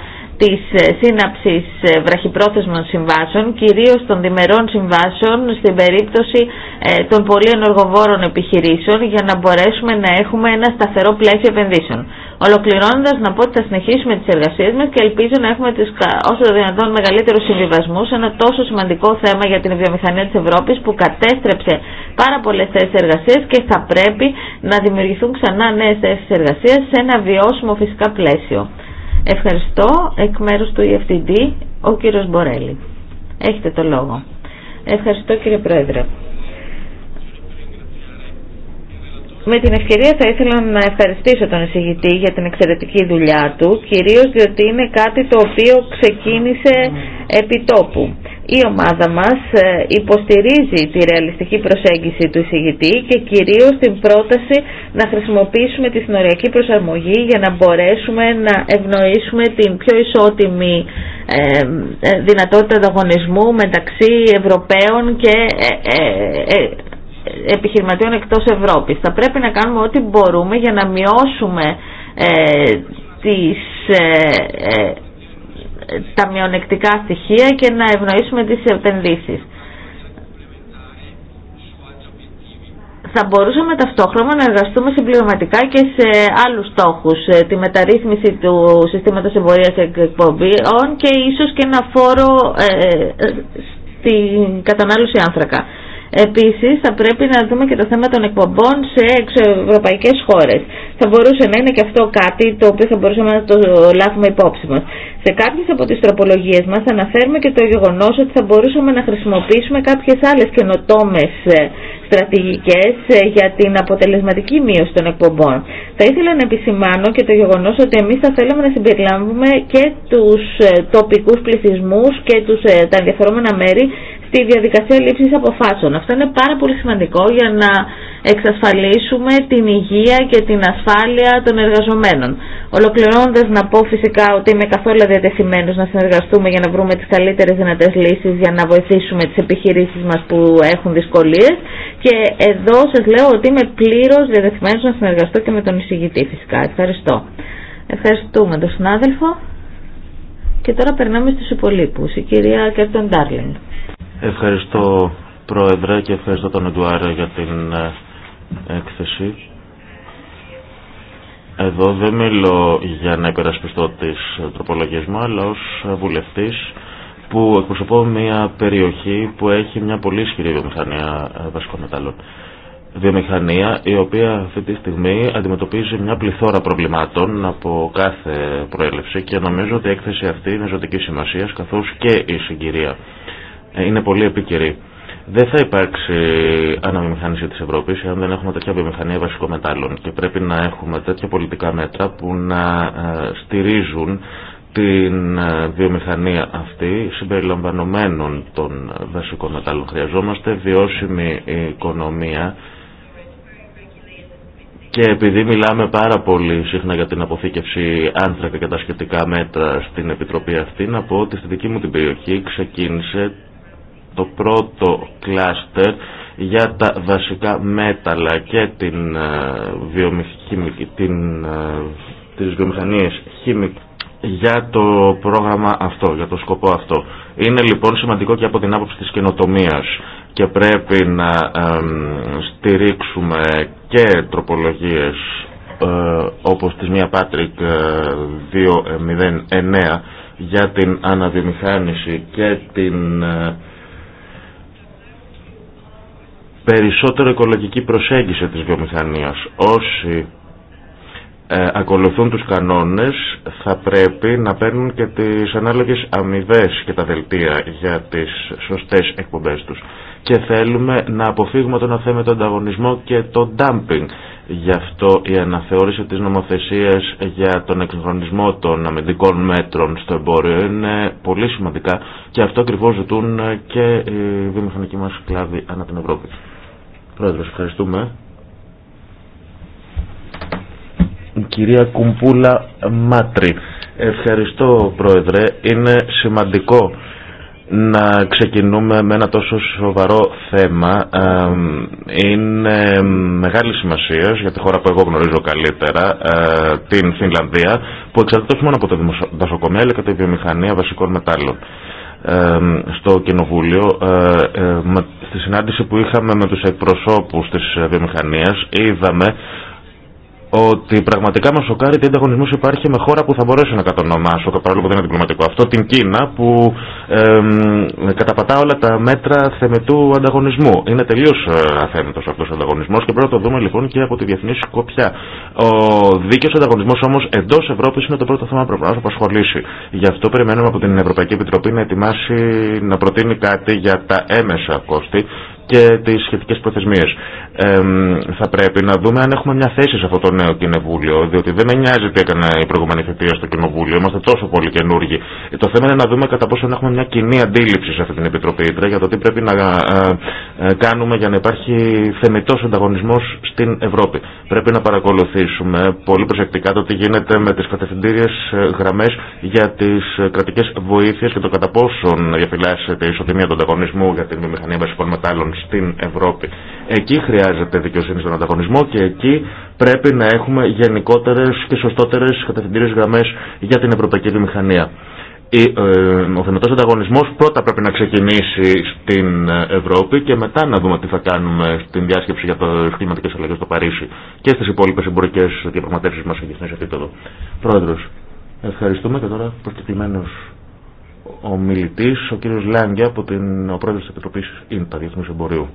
της ε, σύναψης ε, βραχυπρόθεσμων συμβάσεων, κυρίως των διμερών συμβάσεων στην περίπτωση ε, των πολύ ενεργοβόρων επιχειρήσεων για να μπορέσουμε να έχουμε ένα σταθερό πλαίσιο επενδύσεων. Ολοκληρώνοντας να πω ότι θα συνεχίσουμε τις εργασίες μας και ελπίζω να έχουμε τις, όσο το δυνατόν μεγαλύτερους συμβιβασμούς σε ένα τόσο σημαντικό θέμα για την βιομηχανία της Ευρώπης που κατέστρεψε πάρα πολλές θέσεις εργασίας και θα πρέπει να δημιουργηθούν ξανά νέες θέσεις εργασία σε ένα βιώσιμο φυσικά πλαίσιο. Ευχαριστώ εκ μέρους του EFTD, ο κύριος Μπορέλη. Έχετε το λόγο. Ευχαριστώ κύριε Πρόεδρε. Με την ευκαιρία θα ήθελα να ευχαριστήσω τον εισηγητή για την εξαιρετική δουλειά του, κυρίως διότι είναι κάτι το οποίο ξεκίνησε επιτόπου η ομάδα μας ε, υποστηρίζει τη ρεαλιστική προσέγγιση του εισηγητή και κυρίως την πρόταση να χρησιμοποιήσουμε τη συνοριακή προσαρμογή για να μπορέσουμε να ευνοήσουμε την πιο ισότιμη ε, ε, δυνατότητα ανταγωνισμού μεταξύ Ευρωπαίων και επιχειρηματιών εκτός Ευρώπης. Θα πρέπει να κάνουμε ό,τι μπορούμε για να μειώσουμε τις τα μειονεκτικά στοιχεία και να ευνοήσουμε τις επενδύσεις. θα μπορούσαμε ταυτόχρονα να εργαστούμε συμπληρωματικά και σε άλλους στόχους, ε, τη μεταρρύθμιση του συστήματος εμπορίας εκπομπών και ίσως και ένα φόρο ε, ε στην κατανάλωση άνθρακα. Επίσης θα πρέπει να δούμε και το θέμα των εκπομπών σε εξωευρωπαϊκές χώρες. Θα μπορούσε να είναι και αυτό κάτι το οποίο θα μπορούσαμε να το λάβουμε υπόψη μας. Σε κάποιες από τις τροπολογίες μας αναφέρουμε και το γεγονός ότι θα μπορούσαμε να χρησιμοποιήσουμε κάποιες άλλες καινοτόμες ε, στρατηγικές ε, για την αποτελεσματική μείωση των εκπομπών. Θα ήθελα να επισημάνω και το γεγονός ότι εμείς θα θέλαμε να συμπεριλάμβουμε και τους ε, τοπικούς πληθυσμούς και τους, τα ενδιαφερόμενα μέρη στη διαδικασία λήψης αποφάσεων. Αυτό είναι πάρα πολύ σημαντικό για να εξασφαλίσουμε την υγεία και την ασφάλεια των εργαζομένων. Ολοκληρώνοντας να πω φυσικά ότι είμαι καθόλου διατεθειμένος να συνεργαστούμε για να βρούμε τις καλύτερες δυνατές λύσεις για να βοηθήσουμε τις επιχειρήσεις μας που έχουν δυσκολίες και εδώ σας λέω ότι είμαι πλήρως διατεθειμένος να συνεργαστώ και με τον εισηγητή φυσικά. Ευχαριστώ. Ευχαριστούμε τον συνάδελφο. Και τώρα περνάμε στους υπολείπους. Η κυρία Κέρτον Ντάρλινγκ. Ευχαριστώ Πρόεδρε και ευχαριστώ τον Εντουάρα για την ε, έκθεση. Εδώ δεν μιλώ για να υπερασπιστώ τις τροπολογίες μου, αλλά ως βουλευτής που εκπροσωπώ μια περιοχή που έχει μια πολύ ισχυρή βιομηχανία ε, βασικών μετάλλων. Βιομηχανία η οποία αυτή τη στιγμή αντιμετωπίζει μια πληθώρα προβλημάτων από κάθε προέλευση και νομίζω ότι η έκθεση αυτή είναι ζωτική σημασία καθώς και η συγκυρία είναι πολύ επίκαιρη. Δεν θα υπάρξει αναβιομηχανία τη Ευρώπη αν δεν έχουμε τέτοια βιομηχανία βασικών μετάλλων. και πρέπει να έχουμε τέτοια πολιτικά μέτρα που να ε, στηρίζουν την ε, βιομηχανία αυτή συμπεριλαμβανομένων των βασικών μετάλλων. Χρειαζόμαστε βιώσιμη οικονομία και επειδή μιλάμε πάρα πολύ συχνά για την αποθήκευση άνθρακα και τα σχετικά μέτρα στην Επιτροπή αυτή, να πω ότι στη δική μου την περιοχή ξεκίνησε το πρώτο κλάστερ για τα βασικά μέταλλα και την, ε, βιομηχανική, την, ε, τις βιομηχανίες χημικ, για το πρόγραμμα αυτό, για το σκοπό αυτό. Είναι λοιπόν σημαντικό και από την άποψη της καινοτομίας και πρέπει να στηρίξουμε και τροπολογίες ε, όπως της Μία Πάτρικ ε, 209 για την αναβιομηχάνηση και την περισσότερο οικολογική προσέγγιση της βιομηχανίας. Όσοι ε, ακολουθούν τους κανόνες θα πρέπει να παίρνουν και τις ανάλογες αμοιβέ και τα δελτία για τις σωστές εκπομπές τους. Και θέλουμε να αποφύγουμε τον τον ανταγωνισμό και το dumping. Γι' αυτό η αναθεώρηση της νομοθεσίας για τον εξυγχρονισμό των αμυντικών μέτρων στο εμπόριο είναι πολύ σημαντικά και αυτό ακριβώς ζητούν και οι βιομηχανικοί μας κλάδοι ανά την Ευρώπη. Πρόεδρος, ευχαριστούμε. κυρία Κουμπούλα Μάτρη. Ευχαριστώ, Πρόεδρε. Είναι σημαντικό να ξεκινούμε με ένα τόσο σοβαρό θέμα είναι μεγάλη σημασία για τη χώρα που εγώ γνωρίζω καλύτερα ε, την Φινλανδία που εξαρτάται όχι μόνο από τα δασοκομεία αλλά και τη βιομηχανία βασικών μετάλλων στο Κοινοβούλιο ε, ε, στη συνάντηση που είχαμε με τους εκπροσώπους της βιομηχανίας είδαμε ότι πραγματικά μα σοκάρει τι ανταγωνισμό υπάρχει με χώρα που θα μπορέσω να κατονομάσω, παρόλο που δεν είναι διπλωματικό αυτό, την Κίνα που ε, καταπατά όλα τα μέτρα θεμετού ανταγωνισμού. Είναι τελείω ε, αθέμητο αυτό ο ανταγωνισμό και πρέπει να το δούμε λοιπόν και από τη διεθνή σκοπιά. Ο δίκαιο ανταγωνισμό όμω εντό Ευρώπη είναι το πρώτο θέμα που πρέπει να απασχολήσει. Γι' αυτό περιμένουμε από την Ευρωπαϊκή Επιτροπή να ετοιμάσει, να προτείνει κάτι για τα έμεσα κόστη και τι σχετικέ προθεσμίε. Ε, θα πρέπει να δούμε αν έχουμε μια θέση σε αυτό το νέο κοινοβούλιο, διότι δεν με νοιάζει τι έκανε η προηγούμενη θητεία στο κοινοβούλιο, είμαστε τόσο πολύ καινούργοι. Το θέμα είναι να δούμε κατά πόσο έχουμε μια κοινή αντίληψη σε αυτή την Επιτροπή για το τι πρέπει να ε, ε, κάνουμε για να υπάρχει θεμητό ανταγωνισμό στην Ευρώπη. Πρέπει να παρακολουθήσουμε πολύ προσεκτικά το τι γίνεται με τι κατευθυντήριε ε, γραμμέ για τι κρατικέ βοήθειε και το κατά πόσον διαφυλάσσεται η ισοτιμία του ανταγωνισμού για την βιομηχανία λοιπόν, μετάλλων στην Ευρώπη. Εκεί χρειάζεται δικαιοσύνη στον ανταγωνισμό και εκεί πρέπει να έχουμε γενικότερε και σωστότερε κατευθυντήριες γραμμέ για την ευρωπαϊκή βιομηχανία. Ε, ο θεμετός ανταγωνισμός πρώτα πρέπει να ξεκινήσει στην Ευρώπη και μετά να δούμε τι θα κάνουμε στην διάσκεψη για το κλιματικές αλλαγές στο Παρίσι και στις υπόλοιπες εμπορικές διαπραγματεύσεις μας σε διεθνές επίπεδο. Πρόεδρος, ευχαριστούμε και τώρα ο μιλητής, ο κύριος Λάγκια, από την, ο πρόεδρος της ΙΝΤΑ, Διεθνούς Εμπορίου.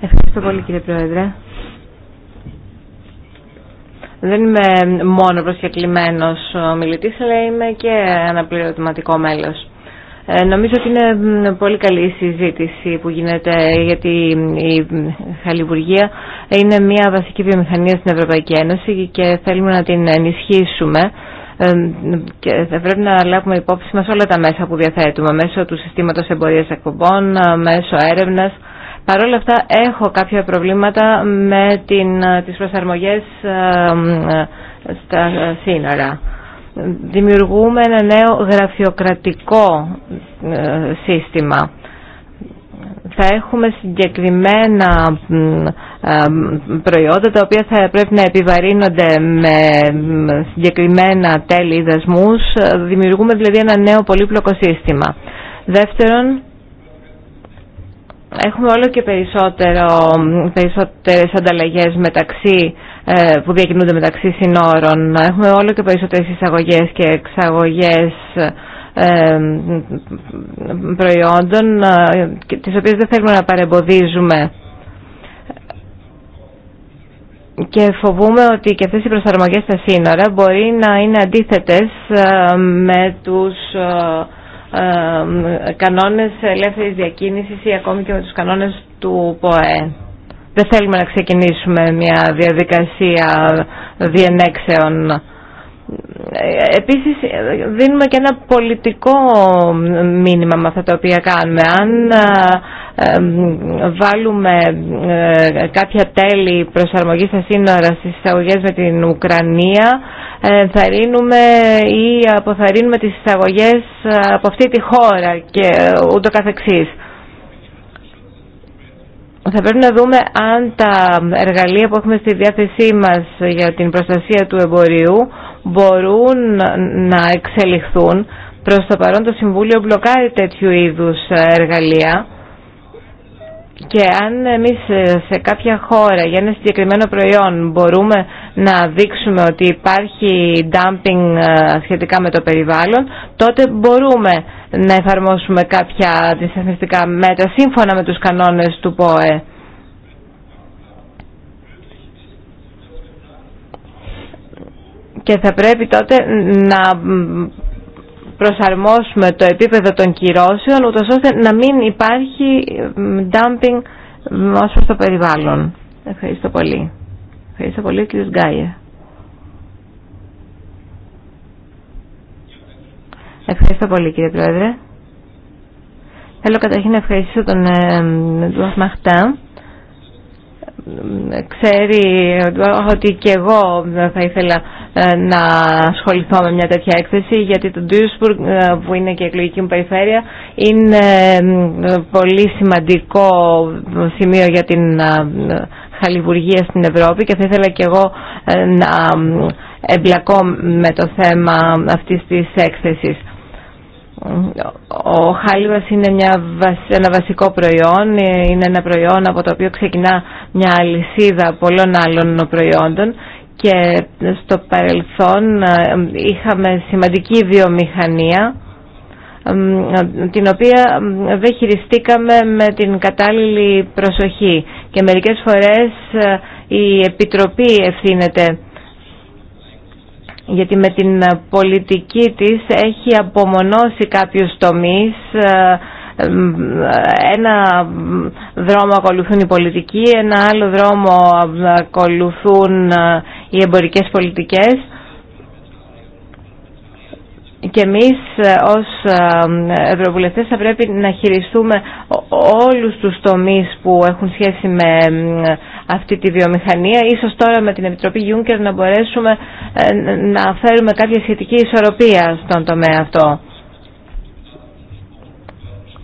Ευχαριστώ πολύ κύριε Πρόεδρε. Δεν είμαι μόνο προσκεκλημένος μιλητής, αλλά είμαι και αναπληρωματικό μέλος. Ε, νομίζω ότι είναι πολύ καλή η συζήτηση που γίνεται γιατί η χαλιβουργία είναι μια βασική βιομηχανία στην Ευρωπαϊκή Ένωση και θέλουμε να την ενισχύσουμε και θα πρέπει να λάβουμε υπόψη μας όλα τα μέσα που διαθέτουμε μέσω του συστήματος εμπορίας εκπομπών, μέσω έρευνας. Παρ' όλα αυτά έχω κάποια προβλήματα με την, τις προσαρμογές στα σύνορα. Δημιουργούμε ένα νέο γραφειοκρατικό ε, σύστημα. Θα έχουμε συγκεκριμένα προϊόντα τα οποία θα πρέπει να επιβαρύνονται με συγκεκριμένα τέλη δασμούς. Δημιουργούμε δηλαδή ένα νέο πολύπλοκο σύστημα. Δεύτερον, έχουμε όλο και περισσότερο, περισσότερες ανταλλαγές μεταξύ, ε, που διακινούνται μεταξύ συνόρων. Έχουμε όλο και περισσότερες εισαγωγές και εξαγωγές ε, προϊόντων, ε, τις οποίες δεν θέλουμε να παρεμποδίζουμε και φοβούμε ότι και αυτές οι προσαρμογές στα σύνορα μπορεί να είναι αντίθετες ε, με τους ε, ε, κανόνες ελεύθερης διακίνησης ή ακόμη και με τους κανόνες του ΠΟΕ. Δεν θέλουμε να ξεκινήσουμε μια διαδικασία διενέξεων. Επίσης δίνουμε και ένα πολιτικό μήνυμα με αυτά τα οποία κάνουμε. Αν βάλουμε ε, κάποια τέλη προσαρμογή στα σύνορα στις εισαγωγές με την Ουκρανία ε, ρίνουμε ή αποθαρρύνουμε τις εισαγωγές ε, από αυτή τη χώρα και ούτω καθεξής. Θα πρέπει να δούμε αν τα εργαλεία που έχουμε στη διάθεσή μας για την προστασία του εμπορίου μπορούν να εξελιχθούν. Προς το παρόν το Συμβούλιο μπλοκάρει τέτοιου είδους εργαλεία και αν εμείς σε κάποια χώρα για ένα συγκεκριμένο προϊόν μπορούμε να δείξουμε ότι υπάρχει dumping ε, σχετικά με το περιβάλλον, τότε μπορούμε να εφαρμόσουμε κάποια αντισταθμιστικά μέτρα σύμφωνα με τους κανόνες του ΠΟΕ. Και θα πρέπει τότε να προσαρμόσουμε το επίπεδο των κυρώσεων ούτως ώστε να μην υπάρχει dumping ως στο περιβάλλον. Ευχαριστώ πολύ. Ευχαριστώ πολύ κύριε Γκάιε. Ευχαριστώ πολύ κύριε Πρόεδρε. Θέλω καταρχήν να ευχαριστήσω τον ε, ξέρει ότι και εγώ θα ήθελα ε, να ασχοληθώ με μια τέτοια έκθεση γιατί το Duisburg ε, που είναι και η εκλογική μου περιφέρεια είναι πολύ σημαντικό σημείο για την ε, χαλιβουργία στην Ευρώπη και θα ήθελα και εγώ να εμπλακώ με το θέμα αυτής της έκθεσης. Ο χάλιβας είναι μια, ένα βασικό προϊόν, είναι ένα προϊόν από το οποίο ξεκινά μια αλυσίδα πολλών άλλων προϊόντων και στο παρελθόν ε, είχαμε σημαντική βιομηχανία την οποία δεν χειριστήκαμε με την κατάλληλη προσοχή και μερικές φορές ε, η Επιτροπή ευθύνεται γιατί με την πολιτική της έχει απομονώσει κάποιους τομείς ε, ένα δρόμο ακολουθούν οι πολιτικοί, ένα άλλο δρόμο ακολουθούν ε, οι εμπορικές πολιτικές και εμείς ε, ως ε, ευρωβουλευτές θα πρέπει να χειριστούμε όλους τους τομείς που έχουν σχέση με αυτή τη βιομηχανία. Ίσως τώρα με την Επιτροπή Juncker να μπορέσουμε να φέρουμε κάποια σχετική ισορροπία στον τομέα αυτό.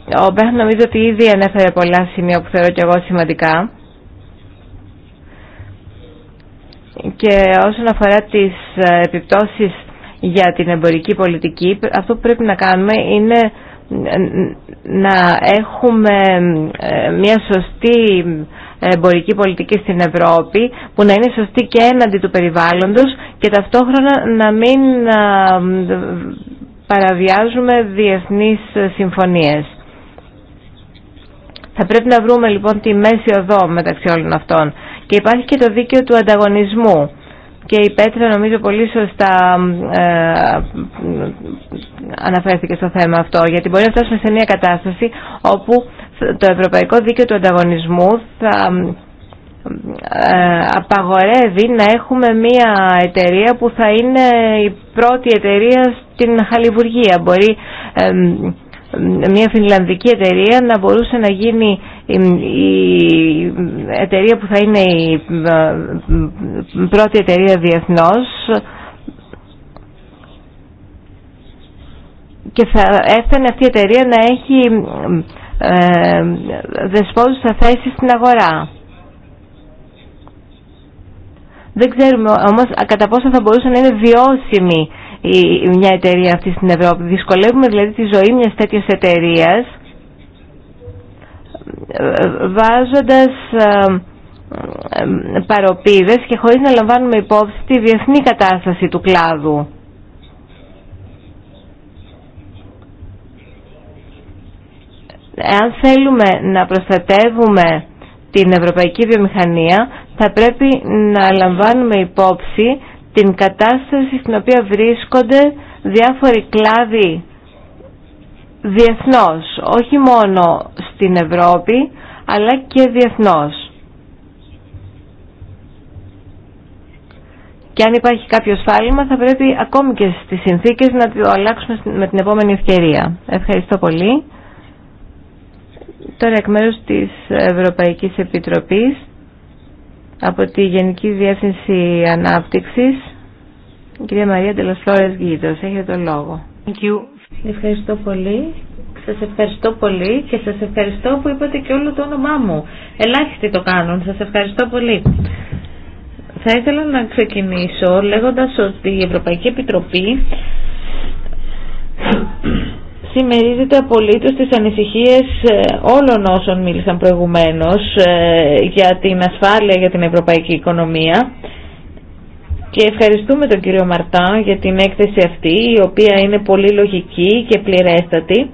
Ο Μπέχ νομίζω ότι ήδη ανέφερε πολλά σημεία που θεωρώ και εγώ σημαντικά. Και όσον αφορά τις ε, επιπτώσεις για την εμπορική πολιτική, αυτό που πρέπει να κάνουμε είναι να έχουμε ε, μια σωστή εμπορική πολιτική στην Ευρώπη που να είναι σωστή και έναντι του περιβάλλοντος και ταυτόχρονα να μην ε, παραβιάζουμε διεθνείς συμφωνίες. Θα πρέπει να βρούμε λοιπόν τη μέση οδό μεταξύ όλων αυτών. Και υπάρχει και το δίκαιο του ανταγωνισμού. Και η Πέτρα νομίζω πολύ σωστά ε, αναφέρθηκε στο θέμα αυτό, γιατί μπορεί να φτάσουμε σε μια κατάσταση όπου το Ευρωπαϊκό Δίκαιο του Ανταγωνισμού θα ε, απαγορεύει να έχουμε μια εταιρεία που θα είναι η πρώτη εταιρεία στην Χαλιβουργία. Μπορεί... Ε, μια φινλανδική εταιρεία να μπορούσε να γίνει η εταιρεία που θα είναι η ε, πρώτη εταιρεία διεθνώς και θα έφτανε αυτή η εταιρεία να έχει ε, δεσπόζουσα θέση στην αγορά. Δεν ξέρουμε όμως κατά πόσο θα μπορούσε να είναι βιώσιμη μια εταιρεία αυτή στην Ευρώπη. Δυσκολεύουμε δηλαδή τη ζωή μιας τέτοιας εταιρείας βάζοντας ε, ε, παροπίδες και χωρίς να λαμβάνουμε υπόψη τη διεθνή κατάσταση του κλάδου. Εάν θέλουμε να προστατεύουμε την ευρωπαϊκή βιομηχανία θα πρέπει να λαμβάνουμε υπόψη την κατάσταση στην οποία βρίσκονται διάφοροι κλάδοι διεθνώς, όχι μόνο στην Ευρώπη, αλλά και διεθνώς. Και αν υπάρχει κάποιο σφάλιμα θα πρέπει ακόμη και στις συνθήκες να το αλλάξουμε με την επόμενη ευκαιρία. Ευχαριστώ πολύ. Τώρα εκ μέρους της Ευρωπαϊκής Επιτροπής από τη Γενική Διεύθυνση Ανάπτυξης, η κυρία Μαρία Τελοσφόρες Γκίτο. Έχετε το λόγο. Thank you. Ευχαριστώ πολύ. Σας ευχαριστώ πολύ και σας ευχαριστώ που είπατε και όλο το όνομά μου. Ελάχιστοι το κάνουν. Σας ευχαριστώ πολύ. Θα ήθελα να ξεκινήσω λέγοντας ότι η Ευρωπαϊκή Επιτροπή συμμερίζεται απολύτως τις ανησυχίες ε, όλων όσων μίλησαν προηγουμένως ε, για την ασφάλεια για την ευρωπαϊκή οικονομία και ευχαριστούμε τον κύριο Μαρτά για την έκθεση αυτή η οποία είναι πολύ λογική και πληρέστατη.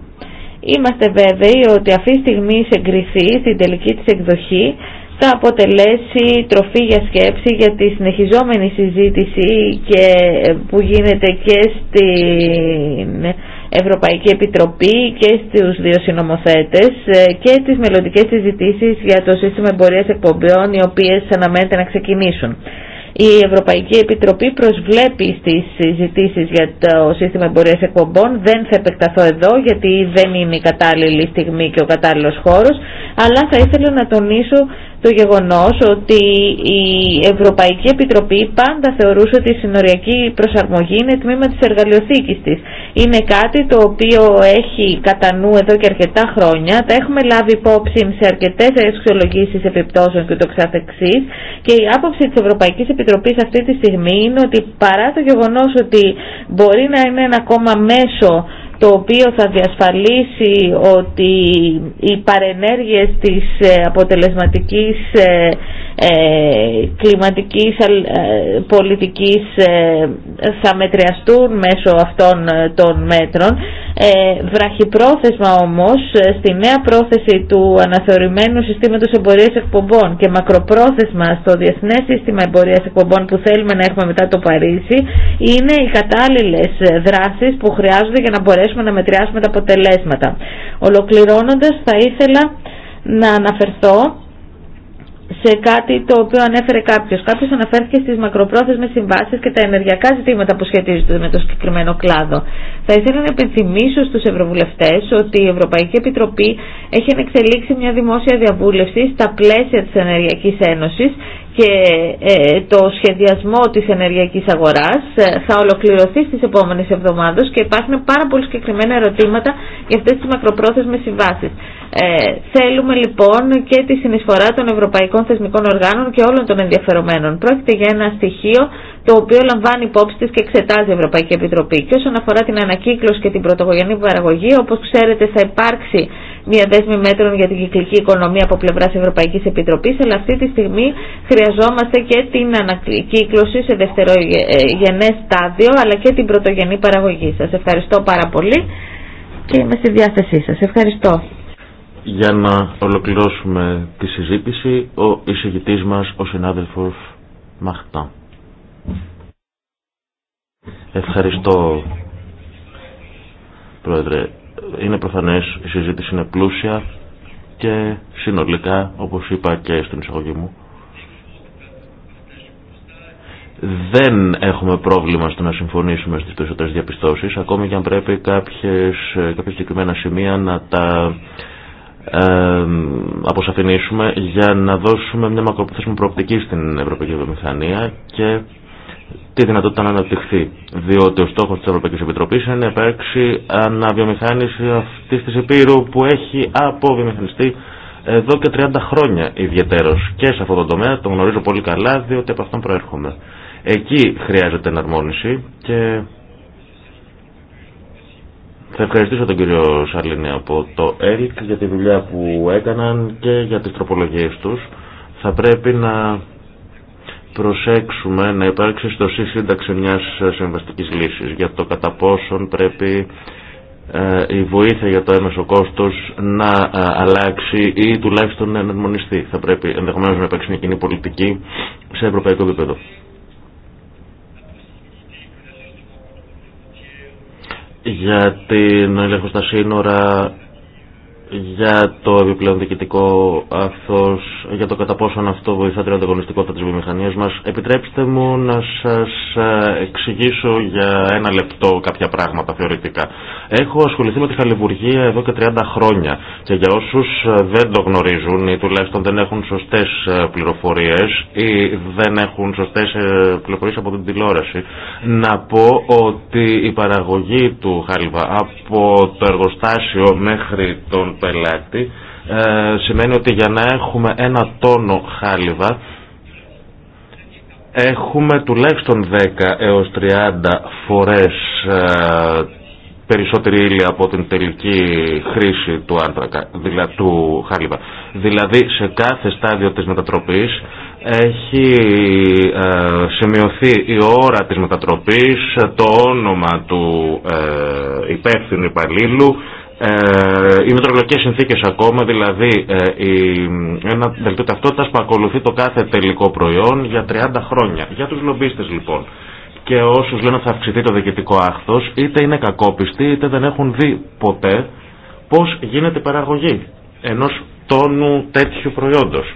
Είμαστε βέβαιοι ότι αυτή τη στιγμή συγκριθή στην τελική της εκδοχή θα αποτελέσει τροφή για σκέψη για τη συνεχιζόμενη συζήτηση και που γίνεται και στην Ευρωπαϊκή Επιτροπή και στους δύο συνομοθέτες ε, και τις μελλοντικές συζητήσεις για το σύστημα εμπορίας εκπομπών οι οποίες αναμένεται να ξεκινήσουν. Η Ευρωπαϊκή Επιτροπή προσβλέπει στις συζητήσεις για το σύστημα εμπορίας εκπομπών. Δεν θα επεκταθώ εδώ γιατί δεν είναι η κατάλληλη στιγμή και ο κατάλληλος χώρος, αλλά θα ήθελα να τονίσω το γεγονός ότι η Ευρωπαϊκή Επιτροπή πάντα θεωρούσε ότι η συνοριακή προσαρμογή είναι τμήμα της εργαλειοθήκης της. Είναι κάτι το οποίο έχει κατά νου εδώ και αρκετά χρόνια, τα έχουμε λάβει υπόψη σε αρκετές αξιολογήσεις επιπτώσεων και το και η άποψη της Ευρωπαϊκής Επιτροπής αυτή τη στιγμή είναι ότι παρά το γεγονός ότι μπορεί να είναι ένα ακόμα μέσο το οποίο θα διασφαλίσει ότι οι παρενέργειες της ε, αποτελεσματικής ε, ε, κλιματικής πολιτικής θα μετριαστούν μέσω αυτών των μέτρων ε, βραχυπρόθεσμα όμως ε, στη νέα πρόθεση του αναθεωρημένου συστήματος εμπορίας εκπομπών και μακροπρόθεσμα στο διεθνές σύστημα εμπορίας εκπομπών που θέλουμε να έχουμε μετά το Παρίσι είναι οι κατάλληλες ε, δράσεις που χρειάζονται για να μπορέσουμε να μετριάσουμε τα αποτελέσματα. Ολοκληρώνοντας θα ήθελα να αναφερθώ σε κάτι το οποίο ανέφερε κάποιο. Κάποιο αναφέρθηκε στι μακροπρόθεσμε συμβάσει και τα ενεργειακά ζητήματα που σχετίζονται με το συγκεκριμένο κλάδο. Θα ήθελα να υπενθυμίσω στου Ευρωβουλευτέ ότι η Ευρωπαϊκή Επιτροπή έχει εξελίξει μια δημόσια διαβούλευση στα πλαίσια τη Ενεργειακή Ένωση και ε, το σχεδιασμό της ενεργειακής αγοράς ε, θα ολοκληρωθεί στις επόμενες εβδομάδες και υπάρχουν πάρα πολύ συγκεκριμένα ερωτήματα για αυτές τις μακροπρόθεσμες συμβάσεις. Ε, θέλουμε λοιπόν και τη συνεισφορά των ευρωπαϊκών θεσμικών οργάνων και όλων των ενδιαφερομένων. Πρόκειται για ένα στοιχείο το οποίο λαμβάνει υπόψη τη και εξετάζει η Ευρωπαϊκή Επιτροπή. Και όσον αφορά την ανακύκλωση και την πρωτογενή παραγωγή, όπω ξέρετε θα υπάρξει μια δέσμη μέτρων για την κυκλική οικονομία από πλευρά Ευρωπαϊκή Επιτροπή, αλλά αυτή τη στιγμή χρειαζόμαστε και την ανακύκλωση σε δευτερόγενέ στάδιο, αλλά και την πρωτογενή παραγωγή. Σα ευχαριστώ πάρα πολύ και είμαι στη διάθεσή σα. Ευχαριστώ. Για να ολοκληρώσουμε τη συζήτηση, ο εισηγητή μα ο συνάδελφο Μαχτά. Ευχαριστώ, Πρόεδρε. Είναι προφανές, η συζήτηση είναι πλούσια και συνολικά, όπως είπα και στην εισαγωγή μου, δεν έχουμε πρόβλημα στο να συμφωνήσουμε στις περισσότερες διαπιστώσεις, ακόμη και αν πρέπει κάποιες, κάποια συγκεκριμένα σημεία να τα ε, αποσαφηνίσουμε για να δώσουμε μια μακροπρόθεσμη προοπτική στην Ευρωπαϊκή Βιομηχανία και τη δυνατότητα να αναπτυχθεί. Διότι ο στόχο τη Ευρωπαϊκή Επιτροπή είναι να υπάρξει αναβιομηχάνηση αυτή τη Επίρου που έχει αποβιομηχανιστεί εδώ και 30 χρόνια ιδιαίτερω. Και σε αυτό το τομέα το γνωρίζω πολύ καλά, διότι από αυτόν προέρχομαι. Εκεί χρειάζεται εναρμόνιση και θα ευχαριστήσω τον κύριο Σαρλίνη από το ΕΛΚ για τη δουλειά που έκαναν και για τις τροπολογίες τους. Θα πρέπει να προσέξουμε να υπάρξει στο σύνταξη μια συμβαστικής λύσης για το κατά πόσον πρέπει ε, η βοήθεια για το έμεσο κόστο να ε, αλλάξει ή τουλάχιστον να εναρμονιστεί. Θα πρέπει ενδεχομένως να υπάρξει μια κοινή πολιτική σε ευρωπαϊκό επίπεδο. Για την έλεγχο στα σύνορα για το επιπλέον διοικητικό αθώς, για το κατά πόσο αυτό βοηθά την ανταγωνιστικότητα της βιομηχανίας μας. Επιτρέψτε μου να σας ε, εξηγήσω για ένα λεπτό κάποια πράγματα θεωρητικά. Έχω ασχοληθεί με τη χαλιβουργία εδώ και 30 χρόνια και για όσους ε, δεν το γνωρίζουν ή τουλάχιστον δεν έχουν σωστές ε, πληροφορίες ή δεν έχουν σωστές πληροφορίες από την τηλεόραση να πω ότι η παραγωγή του χάλιβα από το εργοστάσιο μέχρι τον πελάτη ε, σημαίνει ότι για να έχουμε ένα τόνο χάλιβα έχουμε τουλάχιστον 10 έως 30 φορές ε, περισσότερη ύλη από την τελική χρήση του άνθρακα, δηλαδή του χάλιβα. Δηλαδή σε κάθε στάδιο της μετατροπής έχει ε, σημειωθεί η ώρα της μετατροπής, το όνομα του ε, υπεύθυνου υπαλλήλου, οι ε, μετρολογικές συνθήκες ακόμα, δηλαδή ε, ένα δελτίο ταυτότητας που ακολουθεί το κάθε τελικό προϊόν για 30 χρόνια. Για τους λομπίστες λοιπόν και όσους λένε θα αυξηθεί το διοικητικό άχθος, είτε είναι κακόπιστοι είτε δεν έχουν δει ποτέ πώς γίνεται η παραγωγή ενός τόνου τέτοιου προϊόντος.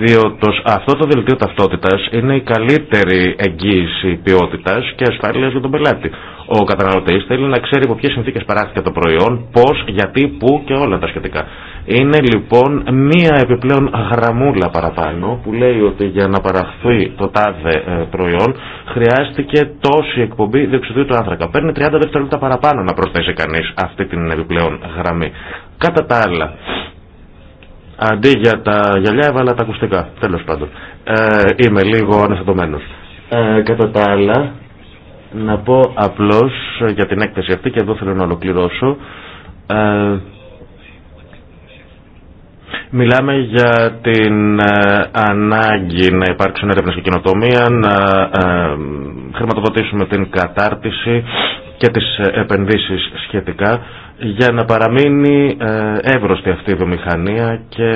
Διότι αυτό το δελτίο ταυτότητας είναι η καλύτερη εγγύηση ποιότητας και ασφάλειας για τον πελάτη. Ο καταναλωτή θέλει να ξέρει από ποιε συνθήκε παράχθηκε το προϊόν, πώ, γιατί, πού και όλα τα σχετικά. Είναι λοιπόν μία επιπλέον γραμμούλα παραπάνω που λέει ότι για να παραχθεί το τάδε ε, προϊόν χρειάστηκε τόση εκπομπή διοξιδίου του άνθρακα. Παίρνει 30 δευτερόλεπτα παραπάνω να προσθέσει κανεί αυτή την επιπλέον γραμμή. Κατά τα άλλα, αντί για τα γυαλιά έβαλα τα ακουστικά, τέλο πάντων. Ε, είμαι λίγο αναστατωμένο. Ε, κατά τα άλλα, να πω απλώς για την έκθεση αυτή και εδώ θέλω να ολοκληρώσω. Ε, μιλάμε για την ε, ανάγκη να υπάρξουν έρευνες και κοινοτομία, να ε, χρηματοδοτήσουμε την κατάρτιση και τις επενδύσεις σχετικά για να παραμείνει εύρωστη αυτή η βιομηχανία και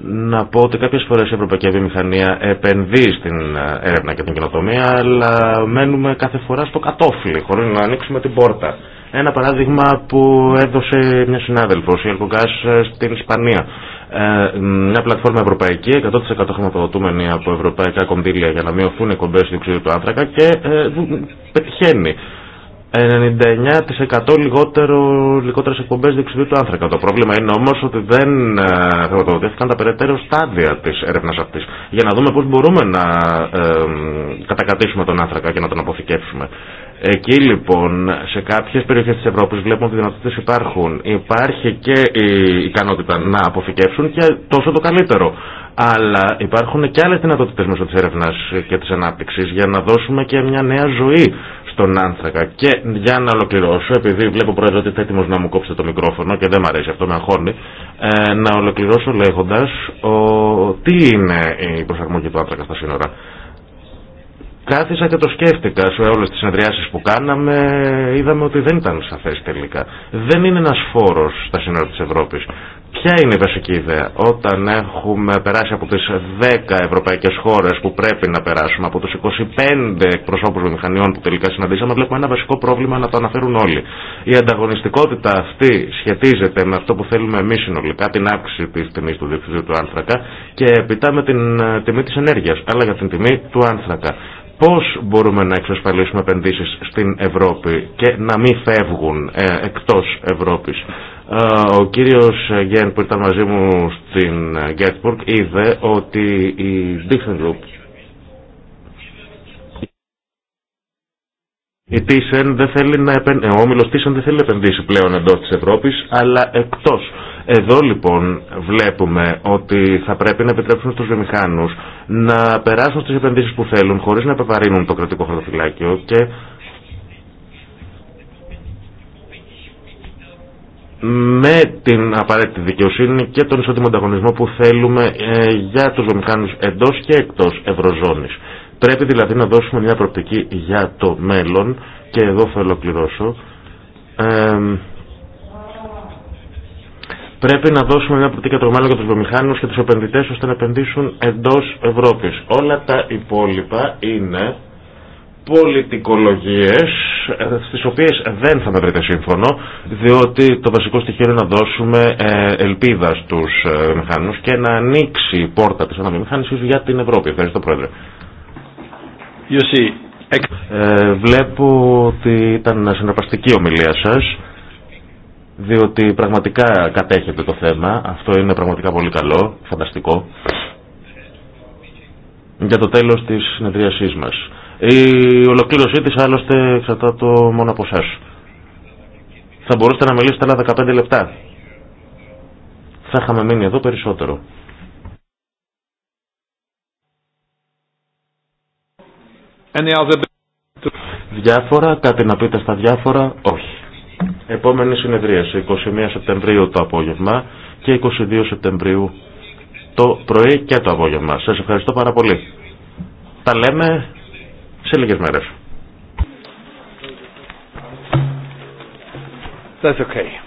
να πω ότι κάποιες φορές η Ευρωπαϊκή Βιομηχανία επενδύει στην ε, έρευνα και την κοινοτομία, αλλά μένουμε κάθε φορά στο κατόφλι, χωρίς να ανοίξουμε την πόρτα. Ένα παράδειγμα που έδωσε μια συνάδελφος, η Ελκογκάς, στην Ισπανία. Ε, μια πλατφόρμα ευρωπαϊκή, 100% χρηματοδοτούμενη από ευρωπαϊκά κονδύλια για να μειωθούν οι κομπές του άνθρακα και ε, πετυχαίνει. 99% λιγότερο, λιγότερες εκπομπές διεξιδίου του άνθρακα. Το πρόβλημα είναι όμως ότι δεν χρηματοδοτήθηκαν ε, τα περαιτέρω στάδια της έρευνας αυτής για να δούμε πώς μπορούμε να ε, κατακατήσουμε τον άνθρακα και να τον αποθηκεύσουμε. Εκεί λοιπόν σε κάποιες περιοχές της Ευρώπης βλέπουμε ότι δυνατότητες υπάρχουν. Υπάρχει και η ικανότητα να αποθηκεύσουν και τόσο το καλύτερο. Αλλά υπάρχουν και άλλες δυνατότητες μέσω της έρευνας και της ανάπτυξης για να δώσουμε και μια νέα ζωή στον άνθρακα. Και για να ολοκληρώσω, επειδή βλέπω πρόεδρε ότι είστε έτοιμο να μου κόψετε το μικρόφωνο και δεν μου αρέσει αυτό, με αγχώνει, ε, να ολοκληρώσω λέγοντα τι είναι η προσαρμογή του άνθρακα στα σύνορα. Κάθισα και το σκέφτηκα σε όλε τι συνεδριάσει που κάναμε, είδαμε ότι δεν ήταν σαφέ τελικά. Δεν είναι ένα φόρο στα σύνορα τη Ευρώπη. Ποια είναι η βασική ιδέα όταν έχουμε περάσει από τις 10 ευρωπαϊκές χώρες που πρέπει να περάσουμε, από τους 25 εκπροσώπους βιομηχανιών που τελικά συναντήσαμε, βλέπουμε ένα βασικό πρόβλημα να το αναφέρουν όλοι. Η ανταγωνιστικότητα αυτή σχετίζεται με αυτό που θέλουμε εμείς συνολικά, την αύξηση της τιμής του διευθυντή του άνθρακα και επιτάμε την ε, τιμή της ενέργειας, αλλά για την τιμή του άνθρακα πώς μπορούμε να εξασφαλίσουμε επενδύσεις στην Ευρώπη και να μην φεύγουν ε, εκτός Ευρώπης. Ο κύριος Γέν που ήταν μαζί μου στην Γκέτσπουργκ είδε ότι η Dixon Group Η Thyssen δεν θέλει να επεν... Ε, ο δεν θέλει επενδύσει πλέον εντός της Ευρώπης αλλά εκτός. Εδώ λοιπόν βλέπουμε ότι θα πρέπει να επιτρέψουν στους βιομηχάνου να περάσουν στις επενδύσεις που θέλουν χωρίς να επεβαρύνουν το κρατικό χαρτοφυλάκιο με την απαραίτητη δικαιοσύνη και τον ισότιμο ανταγωνισμό που θέλουμε ε, για τους βιομηχάνους εντός και εκτός Ευρωζώνης. Πρέπει δηλαδή να δώσουμε μια προοπτική για το μέλλον και εδώ θα ολοκληρώσω. Ε, πρέπει να δώσουμε μια προοπτική για το μέλλον για τους βιομηχάνους και τους επενδυτές ώστε να επενδύσουν εντός Ευρώπης. Όλα τα υπόλοιπα είναι πολιτικολογίες ε, στις οποίες δεν θα με βρείτε σύμφωνο διότι το βασικό στοιχείο είναι να δώσουμε ε, ελπίδα στους ε, μηχανούς και να ανοίξει η πόρτα της αναμηχάνησης για την Ευρώπη. Ευχαριστώ Πρόεδρε. Ε, βλέπω ότι ήταν συναρπαστική ομιλία σας διότι πραγματικά κατέχετε το θέμα. Αυτό είναι πραγματικά πολύ καλό, φανταστικό για το τέλος της συνεδρίασής μας. Η ολοκλήρωσή της άλλωστε εξαρτάται το μόνο από εσά. Θα μπορούσατε να μιλήσετε άλλα 15 λεπτά. Θα είχαμε μείνει εδώ περισσότερο. Διάφορα, κάτι να πείτε στα διάφορα, όχι. Επόμενη συνεδρίαση, 21 Σεπτεμβρίου το απόγευμα και 22 Σεπτεμβρίου το πρωί και το απόγευμα. Σας ευχαριστώ πάρα πολύ. Τα λέμε σε λίγες μέρες. That's okay.